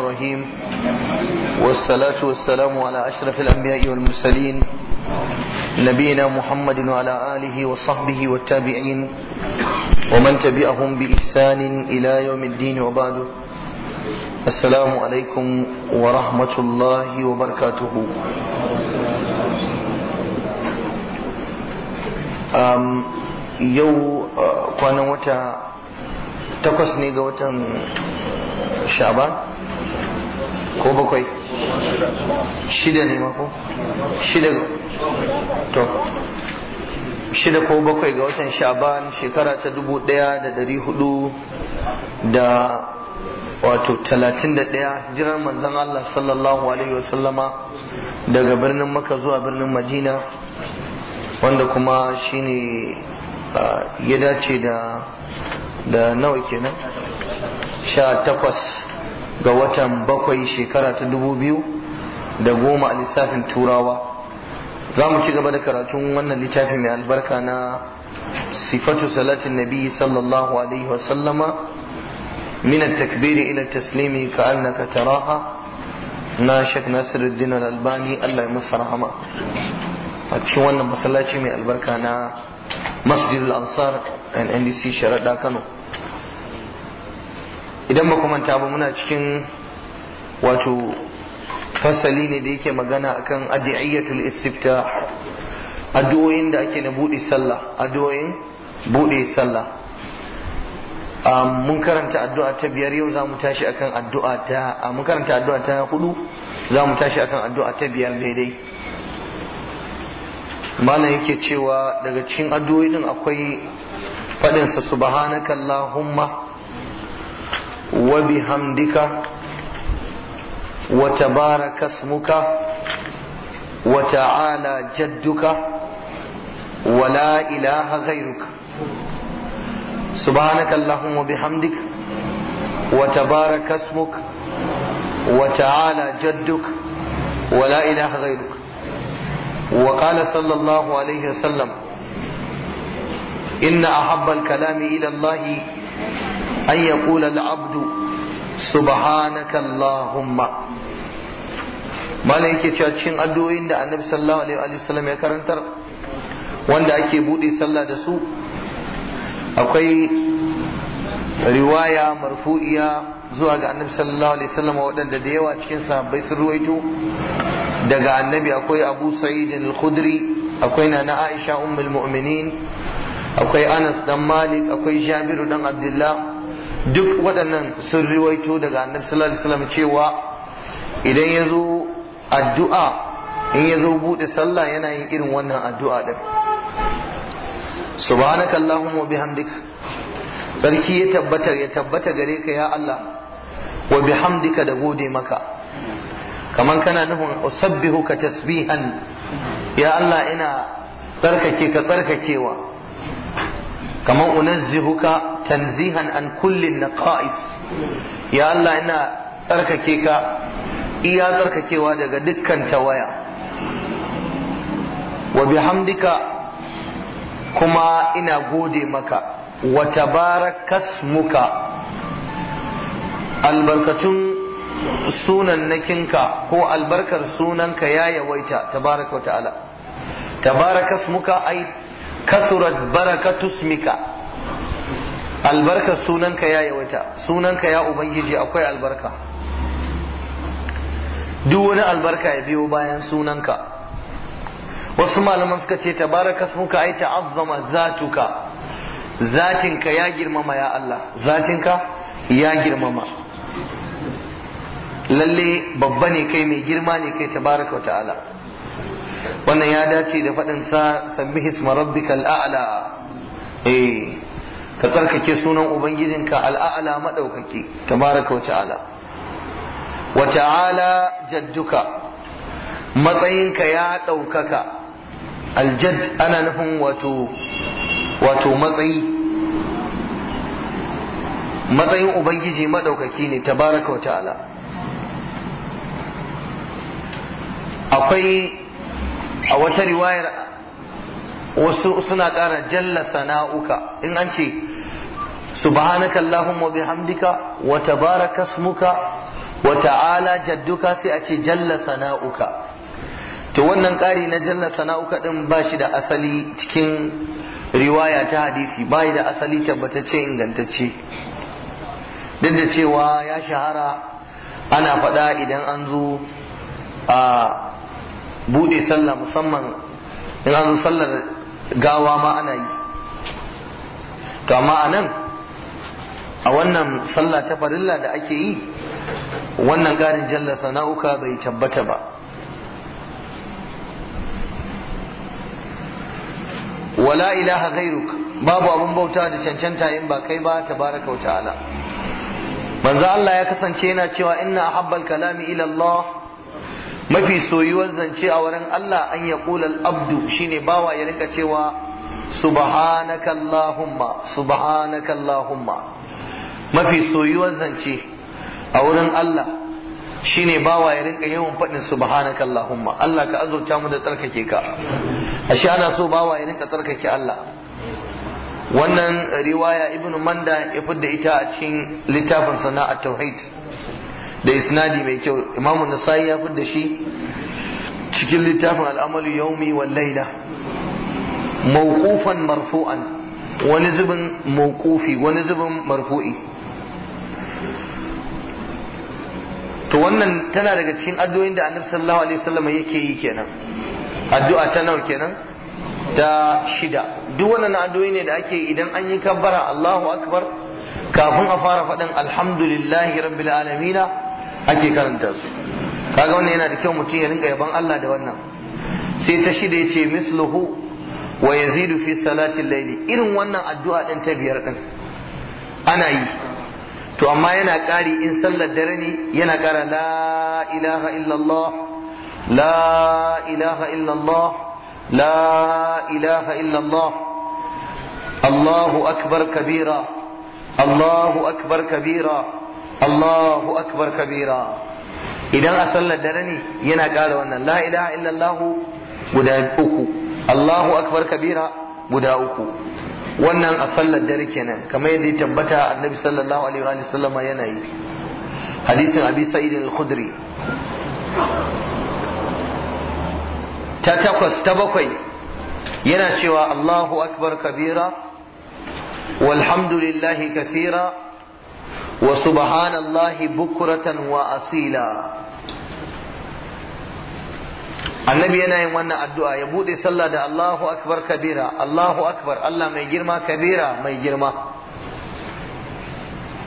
الرحيم والصلاة والسلام على أشرف الأنبياء والمرسلين نبينا محمد وعلى آله وصحبه والتابعين ومن تبعهم بإحسان إلى يوم الدين وبعد السلام عليكم ورحمة الله وبركاته yau kwanan wata takwas ne ga watan sha'ban ko bakwai shida ne mako shida to shida ko bakwai ga watan sha'ban shekara ta dubu daya da dari hudu da wato talatin da daya jiran manzon Allah sallallahu alaihi wasallama daga birnin maka zuwa birnin madina wanda kuma shine ya dace da da nawa kenan sha takwas ga watan bakwai shekara ta dubu biyu da goma a lissafin turawa za mu ci gaba da karatun wannan littafi mai albarka na sifatu salatin nabi sallallahu alaihi wasallama min takbiri ila taslimi ka annaka taraha na shek nasiruddin al-albani allah ya masa rahama a cikin wannan masallaci mai albarka na masjidul ansar and ndc sharaɗa kano idan ba manta ba muna cikin wato fasali ne da yake magana akan adiyatul istifta addu'o'in da ake na bude sallah addu'o'in bude sallah mun karanta addu'a ta biyar yau za mu tashi akan addu'a ta mun karanta addu'a ta hudu za mu tashi akan addu'a ta biyar daidai mana yake cewa daga cikin addu'o'in akwai faɗinsa subhanakallahumma وبحمدك وتبارك اسمك وتعالى جدك ولا إله غيرك سبحانك اللهم وبحمدك وتبارك اسمك وتعالى جدك ولا إله غيرك وقال صلى الله عليه وسلم إن أحب الكلام إلى الله an yaqula al-abdu subhanaka allahumma malai yake cewa cikin addu'o'in da annabi sallallahu alaihi wa sallam ya karantar wanda ake bude sallah da su akwai riwaya marfu'iya zuwa ga annabi sallallahu alaihi sallam waɗanda da yawa cikin sahabbai sun ruwaito daga annabi akwai abu sa'id al-khudri akwai nana aisha ummul mu'minin akwai anas dan malik akwai jabiru dan abdullah duk waɗannan sun riwaito daga annabi sallallahu alaihi wasallam cewa idan ya zo addu'a in ya zo buɗe sallah yana yin irin wannan addu'a din subhanaka allahumma bihamdika sarki ya tabbata ya tabbata gare ka ya Allah wa bihamdika da gode maka kaman kana nufin usabbihuka tasbihan ya Allah ina tsarkake ka tsarkakewa kamar unazzihuka tanzihan an kullin naqais ya Allah ina tsarkake ka iya tsarkakewa daga dukkan tawaya wa bihamdika kuma ina gode maka wa tabarakasmuka albarkatun sunan nakinka ko albarkar sunanka ya yawaita tabaraka wa ta'ala tabaraka ai kasurat baraka tusmika. albarka sunanka ya yawaita sunanka ya ubangiji akwai albarka duk wani albarka ya biyo bayan sunanka wasu malaman suka ce tabaraka smuka ai ta'azzama zatuka zatinka ya girmama ya Allah zatinka ya girmama lalle babba ne kai mai girma ne kai tabaraka wa ta'ala wannan ya dace da faɗin sa sabbihi isma rabbikal a'la eh ka tsarkake sunan ubangijinka al'a'la madaukaki tabaraka wa ta'ala wa ta'ala jadduka matsayinka ya ɗaukaka aljad ana nufin wato matsayi matsayin ubangiji madaukaki ne tabaraka wa ta'ala akwai a wata riwayar wasu suna ƙara jalla sana'uka in an ce subhanaka allahumma bihamdika wa tabaraka smuka wa ta'ala jadduka sai a ce jalla sana'uka to wannan ƙari na jalla sana'uka din ba shi da asali cikin riwaya ta hadisi ba da asali tabbatacce ingantacce duk da cewa ya shahara ana faɗa idan an zo a bude sallah musamman in an sallar gawa ma ana yi to amma a a wannan sallah ta farilla da ake yi wannan ƙarin jalla sana'uka bai tabbata ba wala ilaha gairuk babu abun bauta da cancanta in ba kai ba tabaraka wa ta'ala manzo Allah ya kasance yana cewa inna ahabbal kalami ila Allah mafi soyuwar zance a wurin Allah an ya ƙulal abdu shine bawa ya rika cewa subhanakallahumma subhanakallahumma mafi soyuwar zance a wurin Allah shine bawa ya rinka yawan faɗin subhanakallahumma Allah ka azurta mu da tsarkake ka ashe ana so bawa ya rinka tsarkake Allah wannan riwaya ibnu manda ya fidda ita a cikin littafin sana'a tauhid da isnadi mai kyau imamu nasai ya da shi cikin littafin al'amalu yaumi wal laila mawqufan marfu'an wani zubin mawqufi wani zubin marfu'i to wannan tana daga cikin addu'o'in da annabi sallallahu alaihi wasallam yake yi kenan addu'a ta nawa kenan ta shida duk wannan addu'o'i ne da ake idan an yi kabbara Allahu akbar kafin a fara faɗin alhamdulillahi rabbil alamina ake karanta su kaga wannan yana da kyau mutum ya rinka yaban Allah da wannan sai ta shida ya ce misluhu wa yazidu fi salatin laili irin wannan addu'a din ta biyar din ana yi to amma yana ƙari in sallar dare ne yana ƙara la ilaha illallah la ilaha illallah la ilaha illallah Allahu akbar kabira Allahu akbar kabira Allahu akbar kabira idan a sallar dare ne yana ƙara wannan la ilaha illallahu guda uku Allahu akbar kabira guda uku wannan a sallar dare kenan kamar yadda ya tabbata annabi sallallahu alaihi wa sallam yana yi hadisin abi sa'id al-khudri ta takwas ta bakwai yana cewa Allahu akbar kabira walhamdulillahi kathira wa subhanallahi bukuratan wa asila annabi yana yin wannan addu'a ya bude sallah da Allahu akbar kabira Allahu akbar Allah mai girma kabira mai girma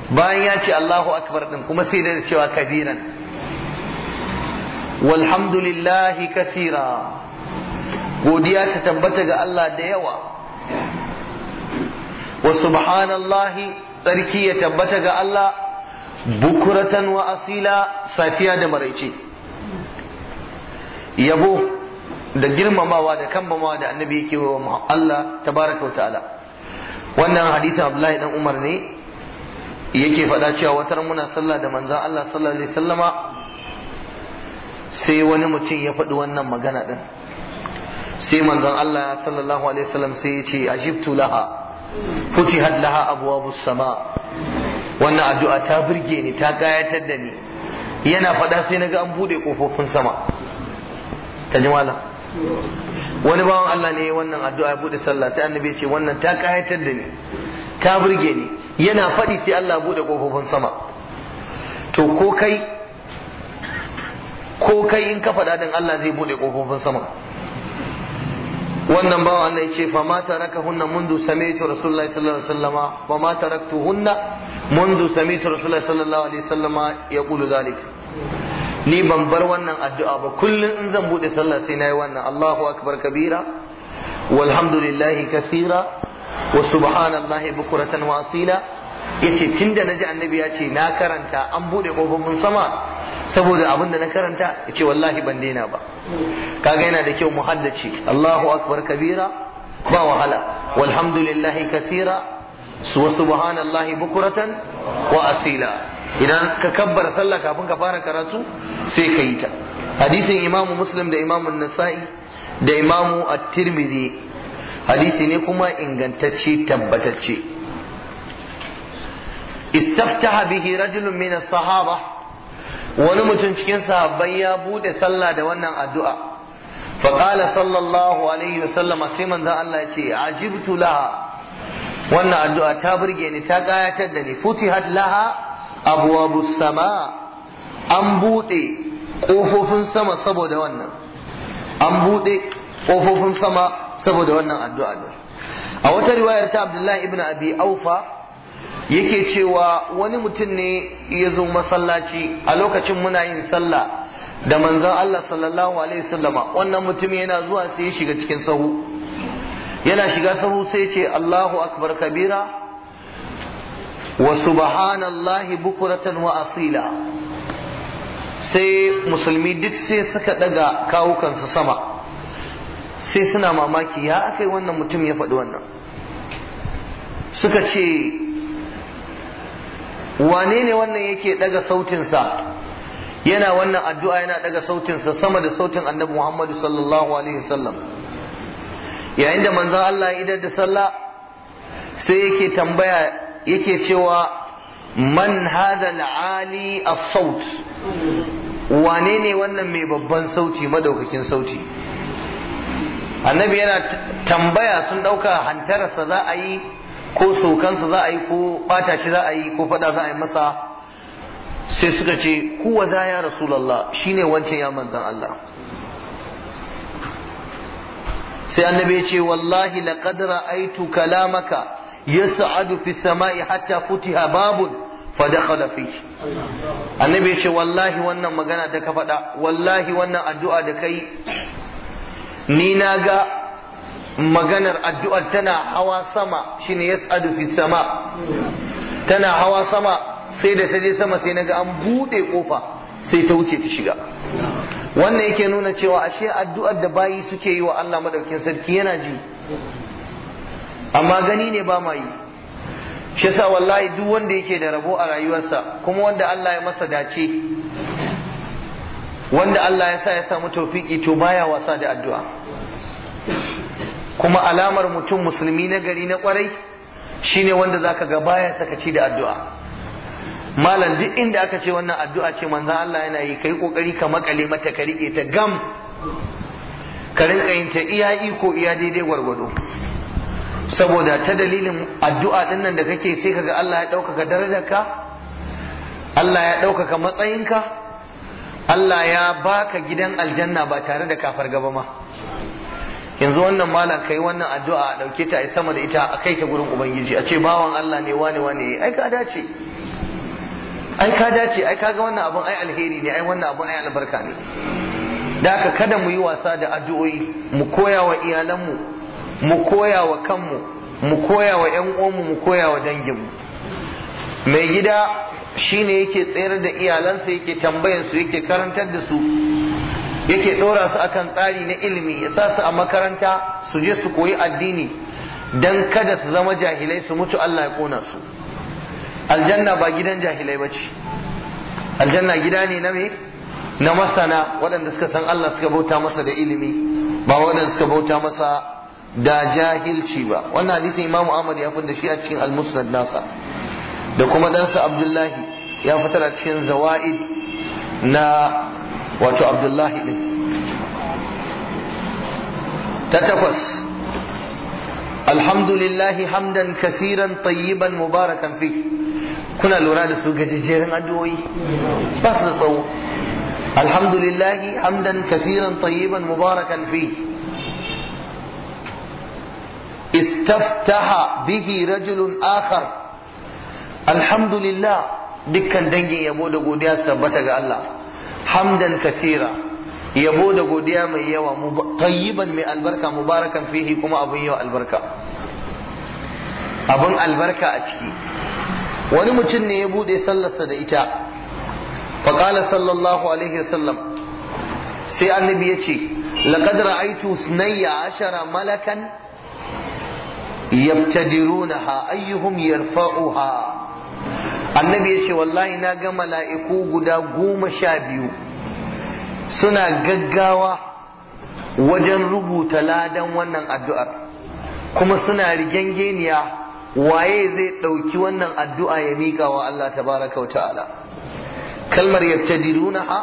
bayan ya ce Allahu akbar din kuma sai da cewa kabiran walhamdulillahi kathira godiya ta tabbata ga Allah da yawa wa subhanallahi tsarki ya tabbata ga Allah bukuratan wa asila safiya da maraice yabo da girmamawa da kambamawa da annabi yake wa Allah tabaraka wa ta'ala wannan hadisin Abdullahi dan Umar ne yake faɗa cewa watar muna sallah da manzon Allah sallallahu alaihi sallama sai wani mutum ya faɗi wannan magana din sai manzon Allah sallallahu alaihi wasallam sai ya ce ajibtu laha futihat laha abwabus sama wannan addu'a ta burge ni ta gayatar da ni yana faɗa sai na ga an bude kofofin sama ta mala wani bawan Allah ne wannan addu'a ya bude sallah sai annabi ce wannan ta gayatar da ni ta burge ni yana faɗi sai Allah bude kofofin sama to ko kai ko kai in ka faɗa dan Allah zai bude kofofin sama wannan bawa Allah ce fa ma tarakahunna منذ سمعت رسول الله صلى الله عليه وسلم وما ni ban bar wannan addu'a ba kullum in zan bude sallah sai nayi wannan Allahu akbar kabira walhamdulillahi kathira wa subhanallahi bukratan wa asila yace tunda naji annabi ya ce na karanta an bude kofofin sama saboda abin da na karanta yace wallahi ban daina ba kaga yana da kyau mu Allahu akbar kabira ba wahala walhamdulillahi kaseera wa subhanallahi bukuratan wa asila idan ka kabbara sallah kafin ka fara karatu sai ka yi ta hadisin imamu muslim da imamu nasa'i da imamu at-tirmidhi hadisi ne kuma ingantacce tabbatacce istaftaha bihi rajulun min as-sahaba wani mutum cikin sahabbai ya bude sallah da wannan addu'a fa qala sallallahu alaihi wasallam sai manzo Allah ya ce ajibtu laha wannan addu'a ta burge ni ta kayatar da ni futihat laha abwabus sama an bude kofofin sama saboda wannan an bude kofofin sama saboda wannan addu'a a wata riwayar ta Abdullahi ibn Abi Aufa yake cewa wani mutum ne ya zo masallaci a lokacin muna yin sallah da manzan Allah sallallahu alaihi wasallama wannan mutum yana zuwa sai ya shiga cikin sahu yana shiga sahu sai ce Allahu akbar kabira wa subhanallahi bukuratan wa asila sai musulmi duk sai suka daga kawukansu sama sai suna mamaki ya yi wannan mutum ya faɗi wannan suka ce wane ne wannan yake daga sautinsa yana wannan addu'a yana daga sautinsa sama da sautin annabi Muhammadu sallallahu alaihi wasallam yayin da manzon Allah ya idar da sallah sai yake tambaya yake cewa man hada al'ali as-saut wane ne wannan mai babban sauti madaukakin sauti annabi yana tambaya sun ɗauka hantararsa za a yi ko sokansa za a yi ko bata shi za a yi ko fada za a yi masa sai suka ce kuwa za ya rasulallah shine wancan ya manzan Allah sai annabi ya ce wallahi laqad ra'aytu kalamaka yas'adu fi samai hatta futiha babun fa dakhala fi annabi ya ce wallahi wannan magana da ka faɗa wallahi wannan addu'a da kai ni na ga maganar addu'ar tana hawa sama shine yas'adu fi sama tana hawa sama sai da ta je sama sai naga an buɗe ƙofa, sai ta wuce ta shiga wannan yake nuna cewa ashe addu'ar da bayi suke yi wa Allah madaukin sarki yana ji amma gani ne ba ma yi shi yasa wallahi duk wanda yake da rabo a rayuwarsa kuma wanda Allah ya masa dace wanda Allah ya sa ya samu tawfiki to baya wasa da addu'a kuma alamar mutum musulmi na gari na kwarai shine wanda zaka ga baya sakaci da addu'a malam duk inda aka ce wannan addu'a ce manzan Allah yana yi kai kokari ka makale mata ka rike ta gam ka rinka yin ta iya iko iya daidai gwargwado saboda ta dalilin addu'a din nan da kake sai kaga Allah ya ɗaukaka darajarka Allah ya ɗaukaka matsayinka Allah ya baka gidan aljanna ba tare da kafar gaba ma yanzu wannan malam kai wannan addu'a a dauke ta a sama da ita a kai ta gurin ubangiji a ce bawan Allah ne wane wane ai ka dace ai ka dace ai kaga wannan abun ai alheri ne ai wannan abun ai albarka ne da haka kada mu yi wasa da addu'o'i mu koya wa iyalanmu mu koya wa kanmu mu koya wa ƴan uwanmu mu koya wa danginmu mai gida shine yake tsayar da iyalansa yake tambayar su yake karantar da su yake ɗora su akan tsari na ilimi ya sa su a makaranta su je su koyi addini don kada su zama jahilai su mutu Allah ya kona su aljanna ba gidan jahilai ba ce aljanna gida ne na me na masana waɗanda suka san Allah suka bauta masa da ilimi ba waɗanda suka bauta masa da jahilci ba wannan hadisin Imam Ahmad ya fi da shi a cikin al-Musnad nasa da kuma ɗansa Abdullahi ya fitar a cikin Zawaid na wato abdullahi ɗin? ta takwas alhamdulillahi hamdan kafiran tayyiban mubarakan fi kuna lura da su gajejjerin addu'o'i ba su da tsawo alhamdulillahi hamdan kafiran tayyiban mubarakan fi istaftaha bihi rajulun akhar alhamdulillah dukkan dangin yabo da godiya su tabbata ga Allah hamdan kasira yabo da godiya mai yawa tayyiban mai albarka mubarakan fihi kuma abin yawa albarka Abin albarka a ciki wani mutum ne ya bude sallarsa da ita faƙala sallallahu alaihi wasallam sai annabi ya ce laqad ra'aytu sunayya ashara malakan yabtadirunaha ayyuhum yarfa'uha annabi ya ce wallahi na ga mala'iku guda goma sha biyu suna gaggawa wajen rubuta ladan wannan addu'ar kuma suna rigengeniya waye zai ɗauki wannan addu'a ya miƙa wa Allah tabaraka wa ta'ala kalmar yabtadirunaha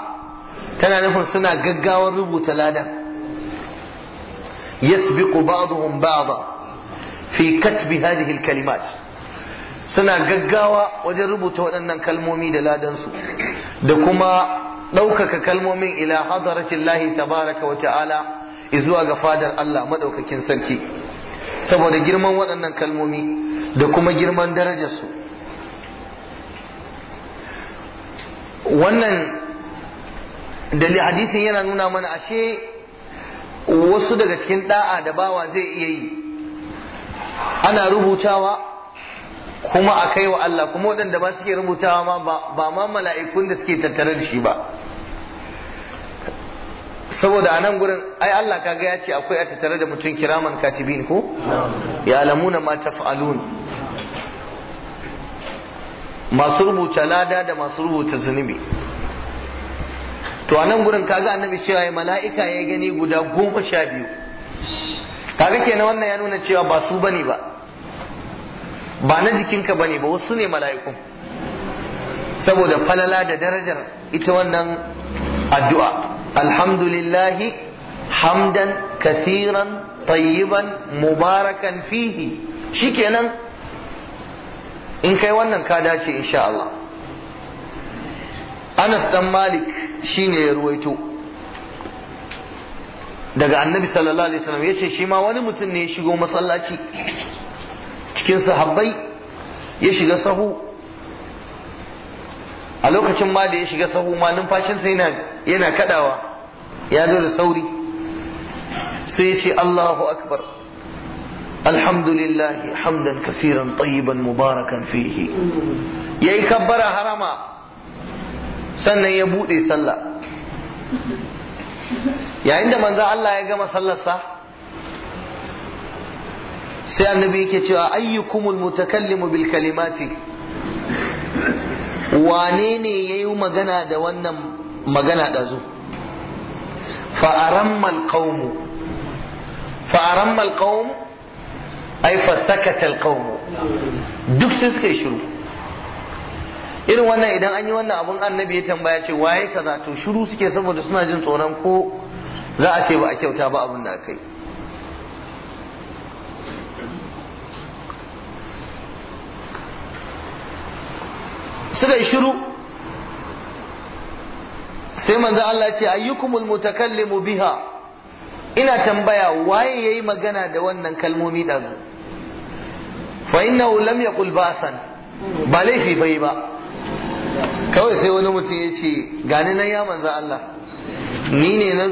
tana nufin suna gaggawar rubuta ladan yasbiqu ba'dhum ba'dha fi katbi hadhihi al-kalimat suna gaggawa wajen rubuta waɗannan kalmomi da ladansu da kuma ɗaukaka kalmomin ila hadaratin lahi tabaraka wa ta'ala izuwa ga fadar Allah maɗaukakin sarki saboda girman waɗannan kalmomi da kuma girman darajarsu wannan da hadisin yana nuna mana ashe wasu daga cikin da'a da bawa zai iya yi ana rubutawa kuma a kai wa Allah kuma waɗanda ba suke rubutawa ma ba ma mala'ikun da suke tattare da shi ba saboda a nan gurin ai Allah kaga ya ce akwai a tattare da mutum kiraman katibin ko ya alamuna ma taf'alun masu rubuta lada da masu rubuta zunubi to a nan gurin kaga annabi cewa ya mala'ika ya gani guda goma sha biyu kaga kenan wannan ya nuna cewa ba su bane ba ba na jikinka ba ne ba wasu ne mala'ikun saboda falala da darajar ita wannan addu'a alhamdulillahi hamdan kathiran tayyiban mubarakan fihi shikenan in kai wannan ka dace insha Allah Anas dan Malik shine ya ruwaito daga Annabi sallallahu alaihi wasallam yace shi ma wani mutum ne ya shigo masallaci cikin sahabbai ya shiga sahu a lokacin ma da ya shiga sahu ma numfashinsa yana yana kadawa ya zo da sauri sai ya ce Allahu akbar alhamdulillahi hamdan kasiran tayyiban mubarakan fihi yayi kabbara harama sannan ya buɗe sallah yayin da manzo Allah ya gama sallarsa sai annabi yake cewa ayyukumul mutakallimu bil kalimati wane ne yayi magana da wannan magana da zu fa arammal qawmu fa arammal qawm ay duk sai suka shiru irin wannan idan an yi wannan abun annabi ya tambaya ce waye kaza to shiru suke saboda suna jin tsoron ko za a ce ba a kyauta ba abin da aka yi suka yi shiru sai manzo Allah ce ayyukumul mutakallimu biha ina tambaya waye yayi magana da wannan kalmomi da zu fa innahu lam yaqul ba'san ba laifi bai ba kawai sai wani mutum ya ce gani nan ya manzo Allah ni ne na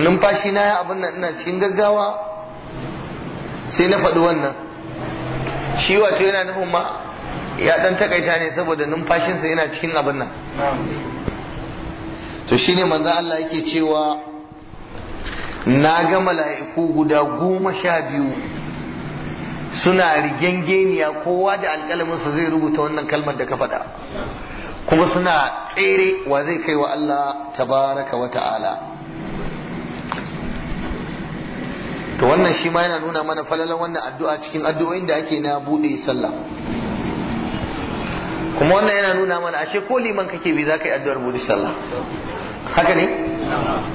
numfashi na ya abin nan ina cikin gaggawa sai na faɗi wannan shi wato yana nufin ma ya dan takaita ne saboda numfashinsa yana cikin abin nan to shine manzo Allah yake cewa na ga mala'iku guda goma sha biyu suna rigengeniya kowa da alƙalaminsa zai rubuta wannan kalmar da ka faɗa kuma suna tsere wa zai kai wa Allah tabaraka wa ta'ala to wannan shi ma yana nuna mana falalan wannan addu'a cikin addu'o'in da ake na buɗe sallah kuma wannan yana nuna mana ashe ko liman kake bi za yi addu'ar buɗe sallah haka ne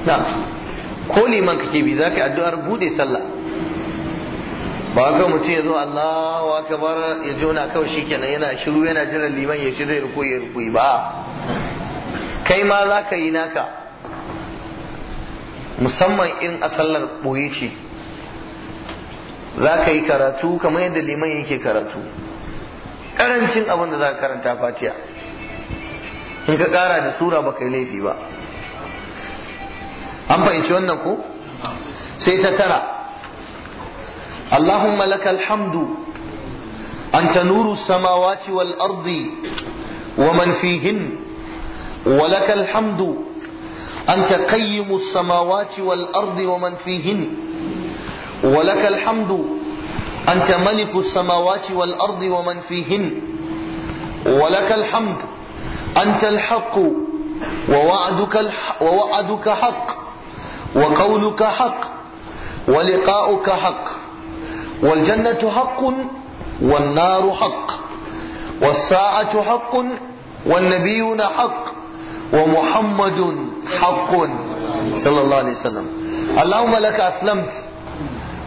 na ko liman kake bi za yi addu'ar buɗe sallah ba ga mutum ya zo Allahu akbar ya ji wani kawai shikenan yana shiru yana jira liman ya shi zai ruku ya ruku ba kai ma zaka yi naka musamman in a sallar ɓoye ce zaka yi karatu kamar yadda liman yake karatu karancin abin da za karanta fatiha in ka kara da sura ba kai laifi ba an fahimci wannan ko sai ta tara allahumma laka alhamdu anta nuru samawati wal ardi wa man fihin wa laka alhamdu anta qayyimu samawati wal ardi wa man fihin wa laka alhamdu أنت ملك السماوات والأرض ومن فيهن ولك الحمد أنت الحق ووعدك, الح ووعدك حق وقولك حق ولقاؤك حق والجنة حق والنار حق والساعة حق والنبيون حق ومحمد حق صلى الله عليه وسلم اللهم لك أسلمت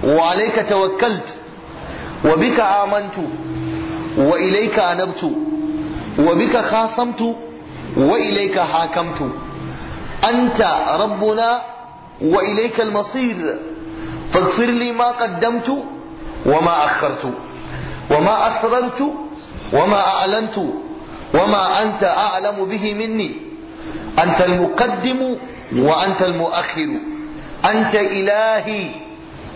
وعليك توكلت وبك آمنت وإليك أنبت وبك خاصمت وإليك حاكمت أنت ربنا وإليك المصير فاغفر لي ما قدمت وما أخرت وما أسررت وما أعلنت وما أنت أعلم به مني أنت المقدم وأنت المؤخر أنت إلهي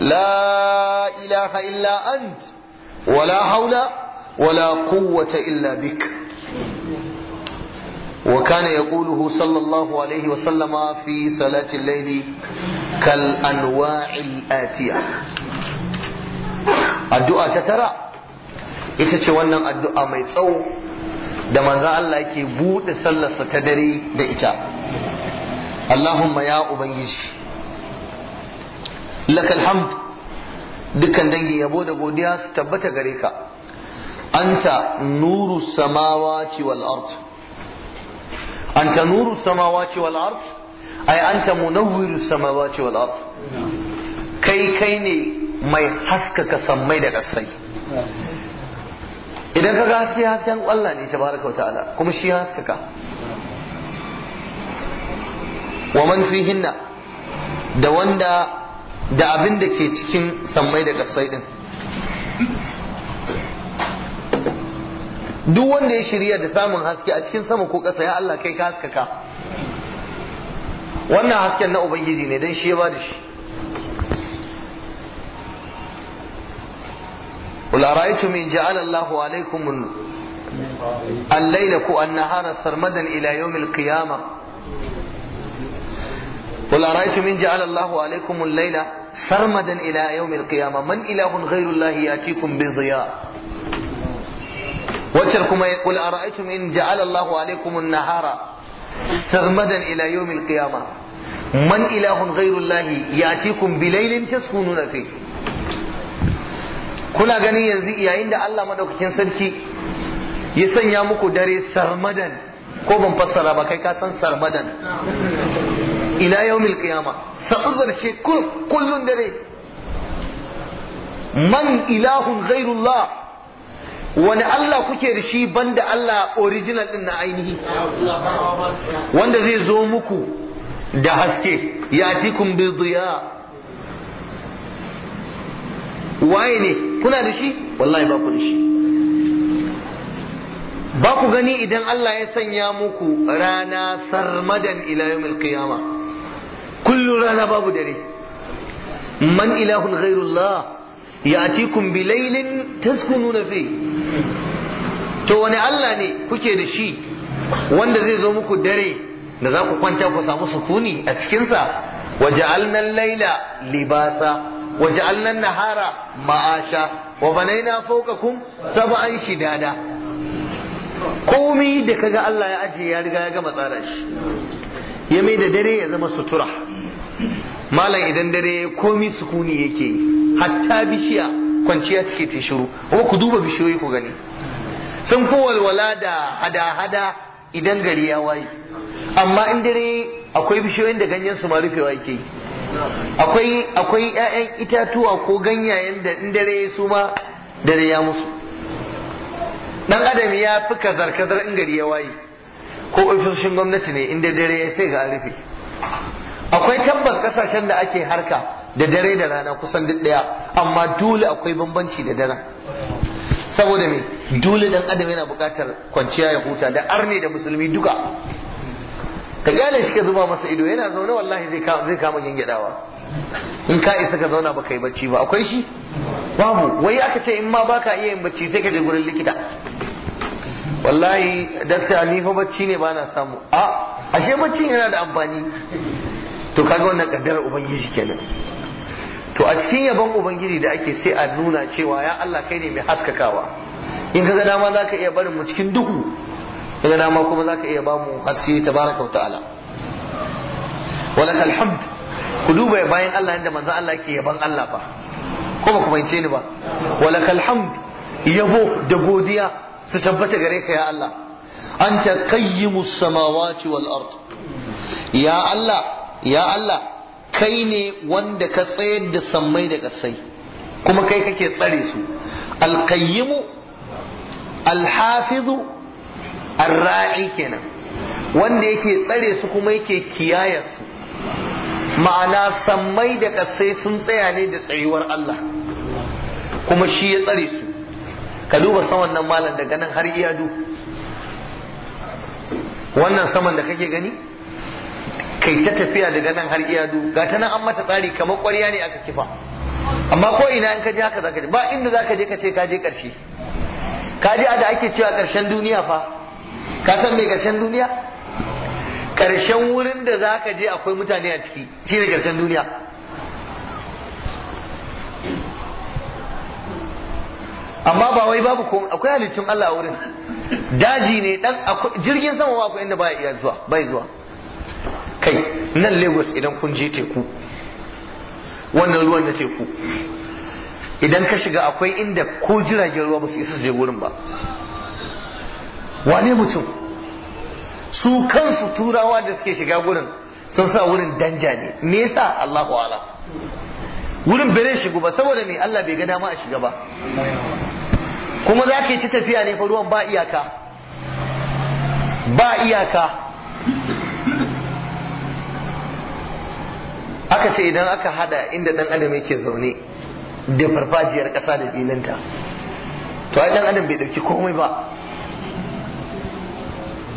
لا إله إلا أنت wala haula wala quwwata illa bik وكان يقوله صلى الله عليه وسلم في صلاة الليل كالأنواع الآتية الدعاء تترى ita wannan addu'a mai tsawo da manzan Allah ke buɗe sallarsa ta dare da ita Allahumma ya ubangiji lakal hamd dukkan dangi yabo da godiya su tabbata gare ka anta nuru samawati wal ard anta nuru samawati wal ard ay anta munawwiru samawati wal ard kai kai ne mai haskaka sammai da kasai idan ka ga haske hasken Allah ne tabaraka wa ta'ala kuma shi haskaka wa man fihinna da wanda da abin da ke cikin sammai da ƙasai ɗin duk wanda ya shirya da samun haske a cikin sama ko ƙasa ya Allah kai ka haskaka wannan hasken na ubangiji ne don shi ya ba da shi قل أرأيتم إن جعل الله عليكم الليل والنهار سرمدا إلى يوم القيامة قل أرأيتم إن جعل الله عليكم sarmadan ila yawmil qiyamah man ilahun ghairu Allah yatikum bi dhiya waccar kuma ya qul ara'aytum in ja'ala Allahu alaykum an-nahara sarmadan ila yawmil qiyamah man ilahun ghairu Allah yatikum bi laylin taskununa fi kuna ganin yanzu yayin da Allah madaukakin sarki ya sanya muku dare sarmadan ko ban fassara ba kai ka san sarmadan ila yawmil qiyama sabuzarce kullun dare man ilahun zairullah. wani Allah kuke da shi banda Allah original din na ainihi wanda zai zo muku da haske yatikum bi diya waye ne kuna da shi wallahi ba ku da shi ba ku gani idan Allah ya sanya muku rana sarmadan ila yawmil qiyamah kullum rana babu dare man ilahun ghairullah ya'tikum bi laylin taskununa fi to wani Allah ne kuke da shi wanda zai zo muku dare da za ku kwanta ku samu sukuni a cikinsa Waje al'nan laila libasa waje al'nan nahara ma'asha wa banayna fawqakum sab'an dada. komi da kaga Allah ya ajiye ya riga ya gama tsara shi ya mai da dare ya zama sutura malam idan dare komi sukuni yake hatta bishiya kwanciya take ta shiru ko ku duba bishiyoyi ku gani sun fi walwala da hada-hada idan gari ya waye amma in dare akwai bishiyoyin da ganyen su ma yake akwai akwai ƴaƴan itatuwa ko ganyayen da in dare su ma dare ya musu dan adam ya fi kazar-kazar in gari ya waye ko ofisoshin gwamnati ne inda dare ya sai ga rufe akwai tabbas kasashen da ake harka da dare da rana kusan duk daya amma dole akwai bambanci da daren saboda me dole dan adam yana buƙatar kwanciya ya huta da arne da musulmi duka ka kyale shi ka zuba masa ido yana zaune wallahi zai kama gyaɗawa. in ka isa ka zauna baka yi bacci ba akwai shi babu wai aka ce in ma baka iya yin bacci sai ka je gurin likita wallahi dakta ni fa bacci ne bana samu a ashe bacci yana da amfani to kaga wannan kaddarar ubangiji kenan to a cikin yabon ubangiji da ake sai a nuna cewa ya Allah kai ne mai haskakawa in kaga dama zaka iya barin mu cikin duhu kaga dama kuma zaka iya ba mu haske tabaraka wa ta'ala walakal hamd ku duba bayan Allah yadda manzo Allah ke yaban Allah ba ko ba ku ni ba walakal hamd yabo da godiya su tabbata gare ka ya Allah anta kayyimu samawati wal ard ya Allah ya Allah kai ne wanda ka tsayar da sammai da kasai kuma kai kake tsare su Al-Hafizu, alhafizu arra'i kenan wanda yake tsare su kuma yake kiyaye su ma'ana sammai da kasai sun tsaya ne da tsayuwar Allah kuma shi ya tsare su ka duba saman nan malam daga nan har iyadu wannan saman da kake gani kai ta tafiya daga nan har iyadu ga ta nan an mata tsari kamar ƙwarya ne aka kifa amma ko ina in ka je haka zaka je ba inda zaka je ka ce ka je ƙarshe ka je da ake cewa ƙarshen duniya fa ka san me ƙarshen duniya ƙarshen wurin da zaka je akwai mutane a ciki shine ƙarshen duniya amma ba wai babu komai akwai halittun Allah a wurin daji ne dan jirgin sama ba akwai inda ba iya zuwa bai zuwa kai nan Lagos idan kun je teku wannan ruwan na teku idan ka shiga akwai inda ko jiragen ruwa ba su isa je wurin ba wane mutum su kansu turawa da suke shiga gurin sun sa wurin danja ne me yasa Allahu ala wurin bare shigo ba saboda me Allah bai ga dama a shiga ba kuma za ka yi ta tafiya ne fa ruwan ba iyaka ba iyaka aka ce idan aka hada inda dan adam yake zaune da farfajiyar ƙasa da filinta to ai dan adam bai dauki komai ba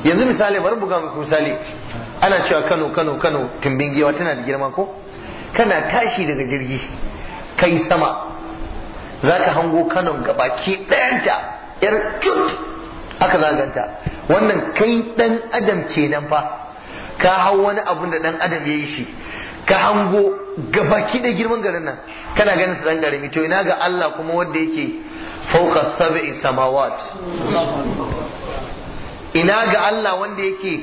yanzu misali bari buga muku misali ana cewa Kano Kano Kano tumbin giwa tana da girma ko kana tashi daga jirgi kai sama za ka hango kanon gabaki ɗayanta yar cut aka zaganta wannan kai ɗan adam kenan fa ka hau wani abun da ɗan adam ya yi shi ka hango gabaki ɗaya girman garin nan kana ganin su ɗan garin to ina ga Allah kuma wanda yake fauka sabi'i samawat ina ga Allah wanda yake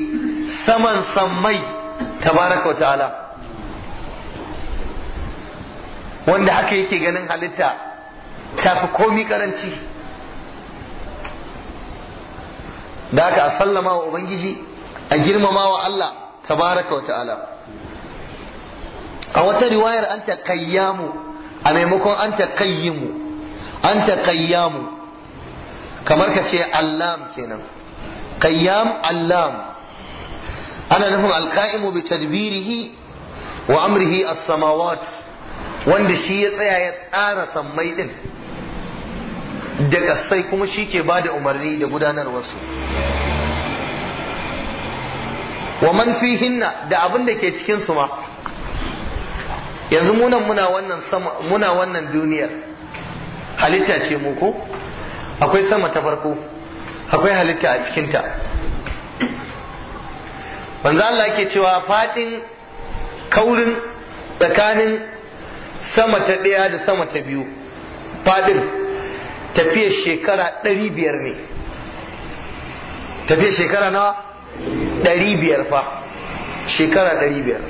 saman sammai tabaraka wa ta'ala wanda haka yake ganin halitta tafi komi karanci da aka a sallama wa ubangiji a girmama wa Allah tabaraka wa ta'ala a wata riwayar an kayyamu a maimakon an kayyimu an kayyamu kamar ka ce allam kenan kayyam allam ana nufin alka'imu bi tadbirihi wa amrihi as-samawat wanda shi ya tsaya ya tsara sammai din da kasai kuma shi ke ba da umarni da gudanarwarsu wa man hinna da abin da ke cikinsu ma yanzu muna wannan sama muna wannan duniyar halitta ce mu ko akwai sama ta farko akwai halitta a cikinta manzo Allah yake cewa fadin kaurin tsakanin sama ta ɗaya da sama ta biyu fadin tafiyar shekara ɗari biyar ne tafiyar shekara na ɗari biyar fa shekara ɗari biyar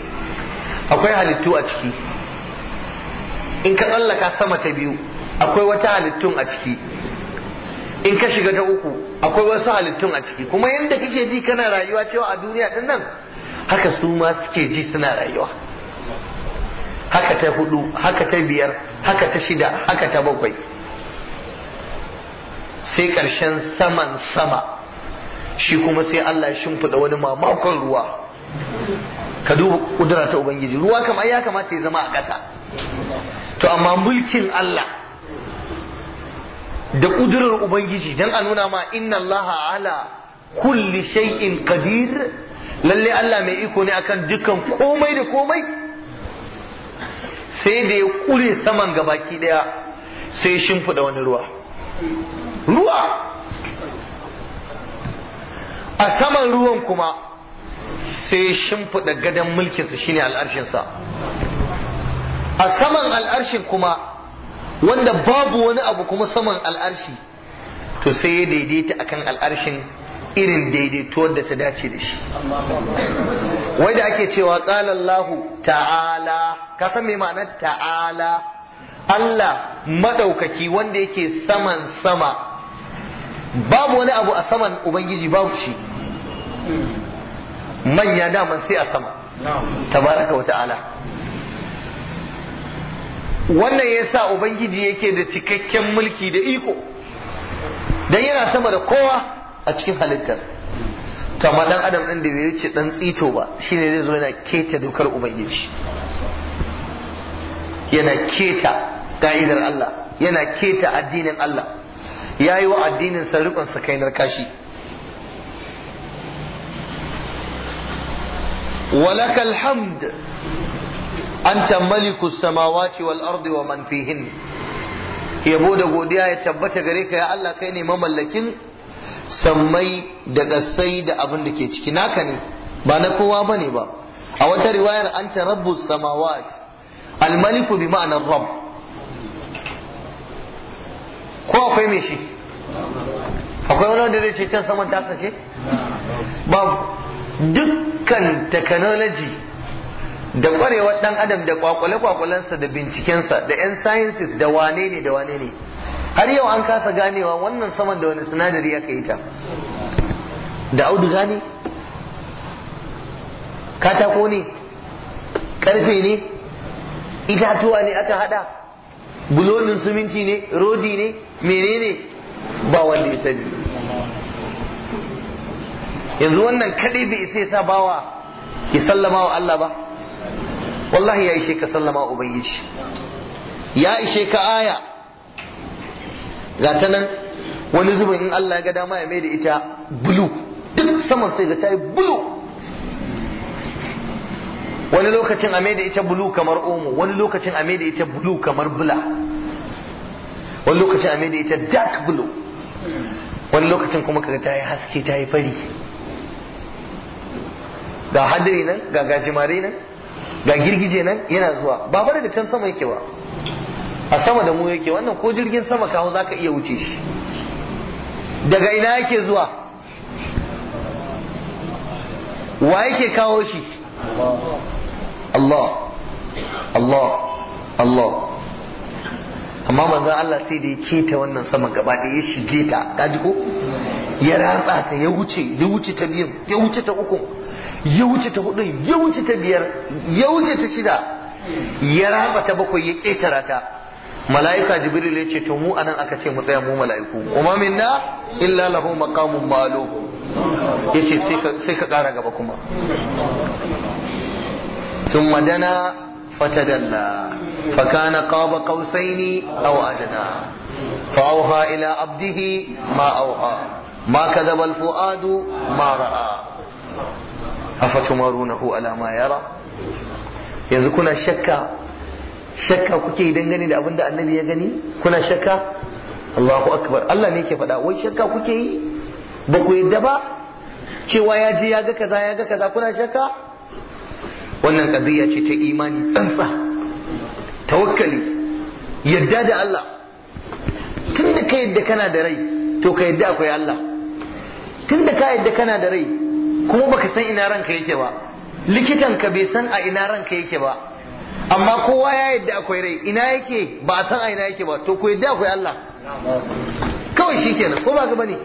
akwai halittu a ciki in ka tsallaka sama ta biyu akwai wata halittun a ciki in ka shiga ta uku akwai wasu halittun a ciki kuma yadda kake ji kana rayuwa cewa a duniya din nan haka su ma suke ji suna rayuwa haka ta hudu haka ta biyar haka ta shida haka ta bakwai sai ƙarshen saman sama shi kuma sai Allah ya shimfiɗa wani mamakon ruwa ka duba kudura ta ubangiji ruwa kamar ya kamata ya zama a ƙasa to amma mulkin Allah da kudurar ubangiji dan a nuna ma inna Allah ala kulli shay'in qadir lalle Allah mai iko ne akan dukan komai da komai sai da ya kure saman gabaki daya sai ya shimfiɗa wani ruwa ruwa a saman ruwan kuma sai shimfiɗa gadon mulkinsa shine al'arshinsa a saman al'arshin kuma wanda babu wani abu kuma saman al'arshi to sai ya daidaita akan al'arshin irin daidaituwar da ta dace da shi wai da ake cewa ƙalallahu ta'ala ka san me ma'anar ta'ala Allah madaukaki wanda yake saman sama babu wani abu a saman ubangiji babu shi manya daman sai a sama tabaraka wa ta'ala wannan ya sa ubangiji yake da cikakken mulki da iko don yana sama da kowa a cikin halittar to amma dan adam ɗin da bai ce dan tsito ba shine zai zo yana keta dokar ubangiji yana keta ka'idar Allah yana keta addinin Allah ya yi wa addinin sarrufin sakainar kashi walaka hamd anta maliku samawati wal ardi wa man fihin yabo da godiya ya tabbata gare ka ya Allah kai ne mamallakin sammai da gasai da abin da ke ciki naka ne ba na kowa bane ba a wata riwayar anta rabbus samawati al maliku bi ma'anar rabb ko akwai mai shi akwai wani wanda zai ce can saman tasa ce babu dukkan technology da kwarewar dan adam da kwakwale-kwakwalensa da bincikensa da yan sciences da wane ne da wane ne har yau an kasa ganewa wannan saman da wani sinadari aka yi ta da audu ne katako ne karfe ne itatuwa ne aka hada bulonin siminti ne rodi ne menene ba wanda ya sani yanzu wannan kadai bai isa sa bawa ya sallama wa Allah ba wallahi ya ishe ka sallama ubangiji ya ishe ka aya ga ta nan wani zubin in Allah ya ga dama ya mai da ita bulu duk saman sai da ta yi bulu wani lokacin a da ita bulu kamar omo wani lokacin a da ita bulu kamar bula wani lokacin a da ita dark bulu, wani lokacin kuma kaga ta yi haske ta yi fari ga hadiri nan ga gajimare nan ga girgije nan yana zuwa ba bare da can sama yake ba a sama da mu yake wannan ko jirgin sama kawo za ka iya wuce shi daga ina yake zuwa wa yake kawo shi Allah Allah Allah amma manzo Allah sai da ya keta wannan saman gaba da ya shige ta kaji ko ya ratsa ta ya wuce ya wuce ta biyu ya wuce ta uku ya wuce ta hudu ya wuce ta biyar ya wuce ta shida ya ratsa ta bakwai ya ketara ta mala'ika jibril ya ce to mu anan aka ce mu tsaya mu mala'iku kuma minna illa lahu maqamun ma'lum yace sai ka sai ka kara gaba kuma ثم دنا فتدلى فكان قاب قوسين أو أدنى فأوحى إلى عبده ما أوحى ما كذب الفؤاد ما رأى أفتمارونه على ما يرى yanzu kuna shakka shakka kuke yi dangane da abin da annabi ya gani kuna shakka Allahu akbar Allah ne ke faɗa wai shakka kuke yi ba ku yadda ba cewa ya je ya ga kaza ya ga kaza kuna shakka wannan qadiyya ce ta imani tsantsa tawakkali yadda da Allah tunda ka yadda kana da rai to ka yadda akwai Allah tunda ka yadda kana da rai kuma baka san ina ranka yake ba likitan ka bai san a ina ranka yake ba amma kowa ya yadda akwai rai ina yake ba a san a ina yake ba to ku yadda akwai Allah kawai shikenan ko ba ga bane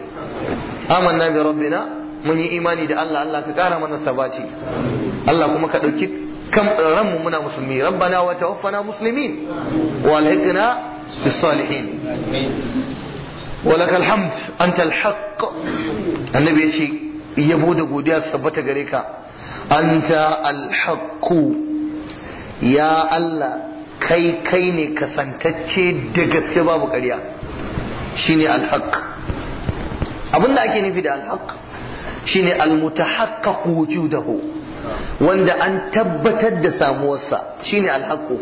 amanna bi rabbina mun yi imani da Allah Allah ka kara mana sabaci Allah kuma ka ɗauki kan mu, muna musulmi rabbana wa tawaffana muslimin wa alhiqna bis salihin ولك الحمد أنت الحق النبي يشي يبود بوديا gare ka. Anta الحق ya Allah kai kai ne kasantacce da gaske babu ƙarya shine alhaq abin da ake nufi da alhaq shine almutahaqqaqu wujudahu wanda an tabbatar da samuwarsa shine alhaku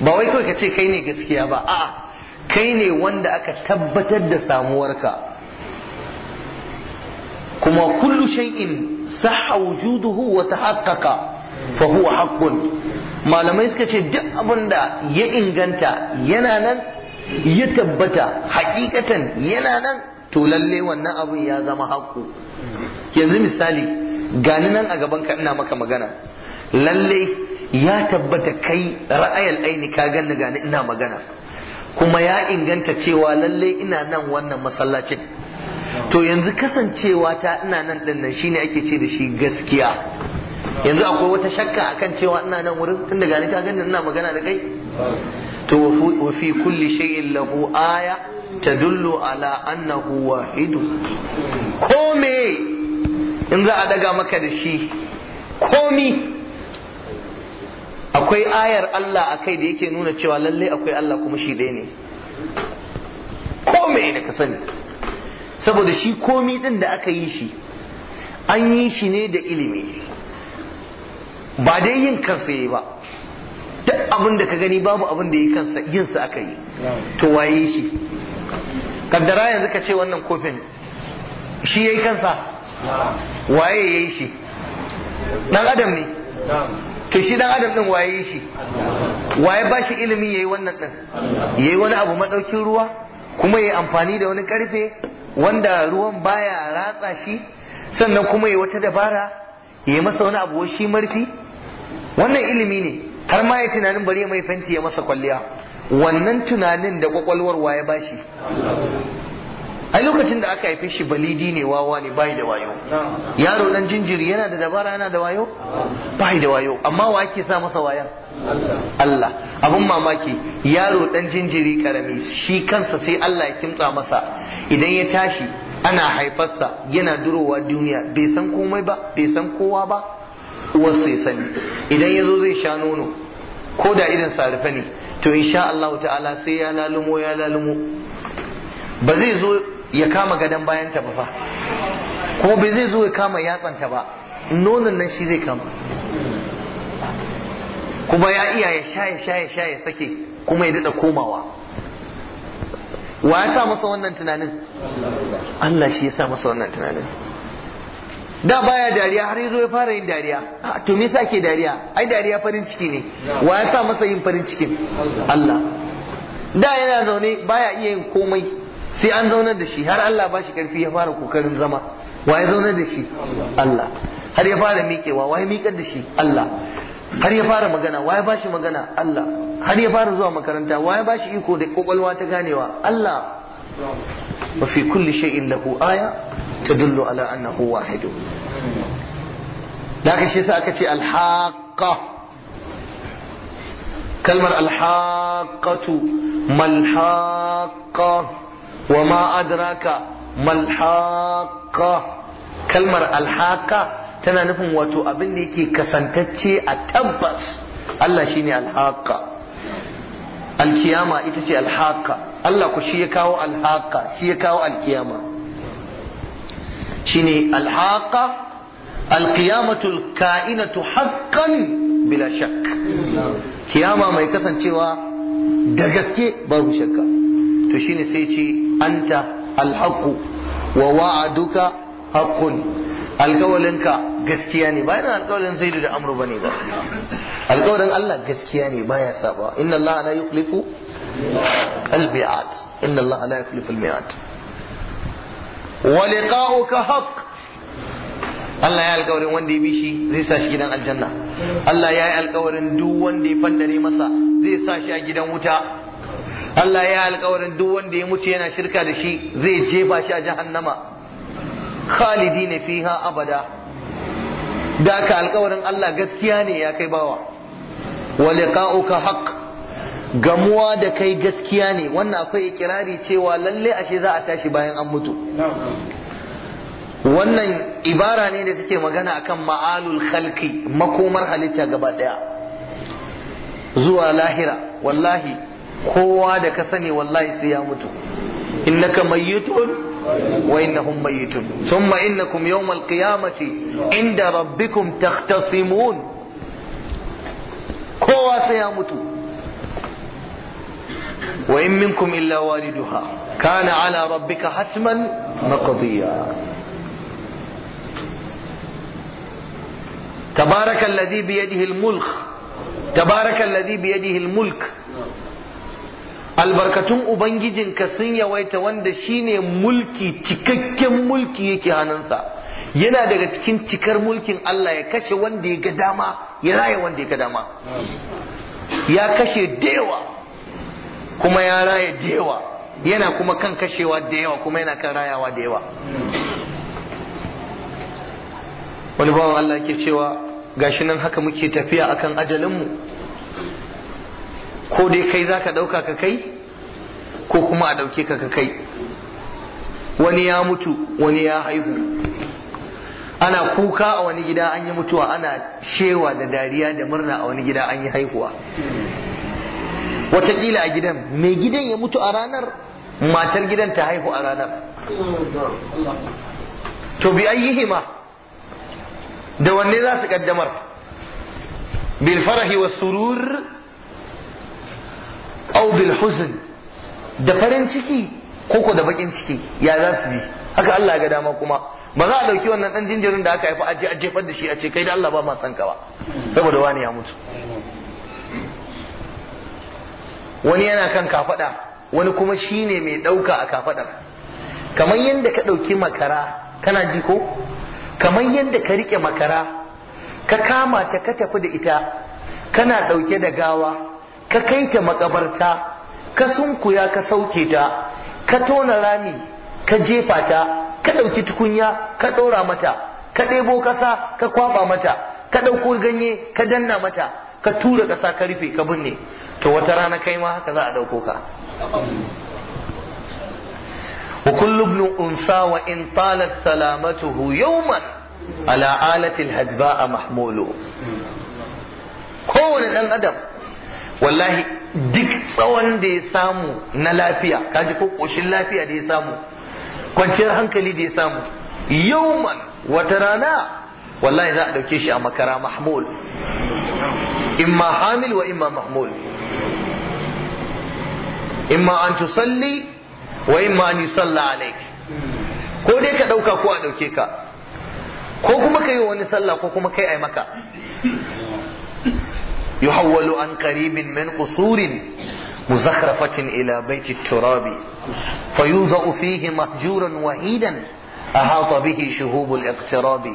ba wai kawai ka ce kai ne gaskiya ba a'a kai ne wanda aka tabbatar da samuwarka kuma kullu shay'in sahha wujuduhu wa tahaqqaqa fa huwa haqqun malamai suka ce duk abinda ya inganta yana nan ya tabbata hakikatan yana nan to lalle wannan abin ya zama haqqu yanzu misali gani nan a gaban ka ina maka magana lalle ya tabbata kai ra'ayal aini ka ganni gani ina magana kuma ya inganta cewa lalle ina nan wannan masallacin to yanzu kasancewa ta ina nan din nan shine ake ce da shi gaskiya yanzu akwai wata shakka akan cewa ina nan wurin tun da gani ka ganni ina magana da kai to wa fi kulli shay'in lahu aya tadullu ala annahu wahidu ko in za a daga maka da shi komi akwai ayar Allah a kai da yake nuna cewa lallai akwai Allah kuma shi ɗaya ne komai da ka sani saboda shi komi ɗin da aka yi shi an yi shi ne da ilimi ba dai yin kansa ba duk abin da ka gani babu abin da ya kansa yinsa aka yi to waye shi kaddara yanzu ka ce wannan kofin shi ya yi kansa waye yayi shi dan adam ne to shi dan adam din waye yayi shi waye ba shi ilimi yayi wannan din yayi wani abu madaukin ruwa kuma yayi amfani da wani karfe wanda ruwan baya ratsa shi sannan kuma yayi wata dabara yayi masa wani abu shi marfi wannan ilimi ne har ma ya tunanin bari mai fanti ya masa kwalliya wannan tunanin da kwakwalwar waye ba shi ai lokacin da aka haife shi balidi ne wawa ne bai da wayo yaro dan jinjiri yana da dabara yana da wayo bai da wayo amma wa ake sa masa wayan Allah abun mamaki yaro dan jinjiri karami shi kansa sai Allah ya kimtsa masa idan ya tashi ana haifarsa yana durowa duniya bai san komai ba bai san kowa ba uwar ya sani idan yazo zai sha nono ko da idan sarufa ne to insha Allah ta'ala sai ya lalumo ya lalumo ba zai zo ya kama gadon bayan ba fa ko bai zai zo ya kama yatsan ta ba nonon nan shi zai kama kuma ya iya ya sha ya sha ya sha ya sake kuma ya dada komawa wa ya sa masa wannan tunanin Allah shi ya sa masa wannan tunanin da baya dariya har yazo ya fara yin dariya to me yasa ake dariya ai dariya farin ciki ne wa ya sa masa yin farin cikin Allah da yana zaune baya iya yin komai sai an zaunar da shi har Allah ba shi karfi ya fara kokarin zama wa ya zaunar da shi Allah har ya fara miƙewa wa ya miƙar da shi Allah har ya fara magana wa ya ba shi magana Allah har ya fara zuwa makaranta wa ya ba shi iko da kokwalwa ta ganewa Allah wa fi kulli shay'in lahu aya tadullu ala annahu wahidu da shi sa aka ce alhaqa kalmar alhaqatu malhaqa wa ma adraka malhaqa kalmar alhaqa tana nufin wato abin da yake kasantacce a tabbas Allah shine alhaqa alkiyama ita ce alhaqa Allah ku shi ya kawo alhaqa shi ya kawo alkiyama shine alhaqa alqiyamatul ka'inatu haqqan bila shakk kiyama mai kasancewa da gaske babu shakka to shine sai ce anta alhaqu wa wa'aduka haqqun alkawalinka gaskiya ne bayan alkawalin zaidu da amru bane ba alkawalin Allah gaskiya ne baya saba inna Allah la yukhlifu al-mi'ad inna Allah la yukhlifu al-mi'ad wa liqa'uka haqq Allah ya alkawarin wanda ya bi shi zai sa shi gidan aljanna Allah ya yi alkawarin duk wanda ya fandare masa zai sa shi a gidan wuta Allah ya alƙawarin duk wanda ya mutu yana shirka da shi zai jefa shi a jahannama fi ha abada da ka alƙawarin Allah gaskiya ne ya kai bawa wa liqa'uka haqq gamuwa da kai gaskiya ne wannan akwai ikirari cewa lalle ashe za a tashi bayan an mutu wannan ibara ne da take magana akan ma'alul khalqi makomar halitta gaba daya zuwa lahira wallahi kowa da ka sani wallahi sai ya mutu innaka mayyitun wa innahum mayyitun thumma innakum yawmal qiyamati inda rabbikum takhtasimun kowa sai ya mutu wa in minkum illa waliduha kana ala rabbika hatman maqdiya تبارك الذي بيده الملك تبارك الذي بيده الملك albarkatun ubangijinka sun yawaita wanda shi ne mulki cikakken mulki yake hannunsa yana daga cikin cikar mulkin Allah ya kashe wanda ya ga dama ya raya wanda ya ga dama ya kashe dewa kuma ya raya dewa yana kuma kan kashewa da yawa kuma yana kan rayawa da yawa wani bawan Allah ke cewa gashi nan haka muke tafiya akan ajalinmu mu ko dai kai za ka ɗauka ka kai ko kuma a ɗauke ka ka kai wani ya mutu wani ya haihu ana kuka a wani gida an yi mutuwa ana shewa da dariya da murna a wani gida an yi haihuwa wataƙila a gidan mai gidan ya mutu a ranar matar gidan ta haihu a ranar to bi ayyihima da wanne za su kaddamar bil farahi was surur aw bil da farin ciki ko ko da bakin ciki ya za su ji haka Allah ga dama kuma ba za a dauki wannan dan jinjirin da aka haifa aje a jefar da shi a ce kai da Allah ba ma san ka ba saboda wani ya mutu wani yana kan kafada wani kuma shine mai dauka a kafadar kamar yadda ka dauki makara kana ji ko kamar yadda ka rike makara ka kama ta ka tafi da ita kana dauke da gawa ka kai ta makabarta ka sunkuya ka sauke ta ka tona rami ka jefa ta ka ɗauki tukunya ka ɗora mata ka ɗebo ƙasa ka kwaba mata ka ɗauko ganye ka danna mata ka tura ƙasa ka rufe ka binne to wata rana kai ma haka za a ɗauko ka وكل ابن أنثى وإن طالت سلامته يوما على a mahmulu Kowane ɗan adam. wallahi duk tsawon da ya samu na lafiya kaji ko koshin lafiya da ya samu kwanciyar hankali da ya samu yauman wata rana wallahi za a dauke shi a makara mahmul imma hamil wa imma mahmul imma an tusalli wa imma an yusalla alaik ko dai ka dauka ko a dauke ka ko kuma kai wani sallah ko kuma kai ai maka yuhawwalu an qaribin min qusurin muzakhrafatin ila baiti turabi fayuza ufihi mahjuran wahidan ahata bihi shuhubul iqtirabi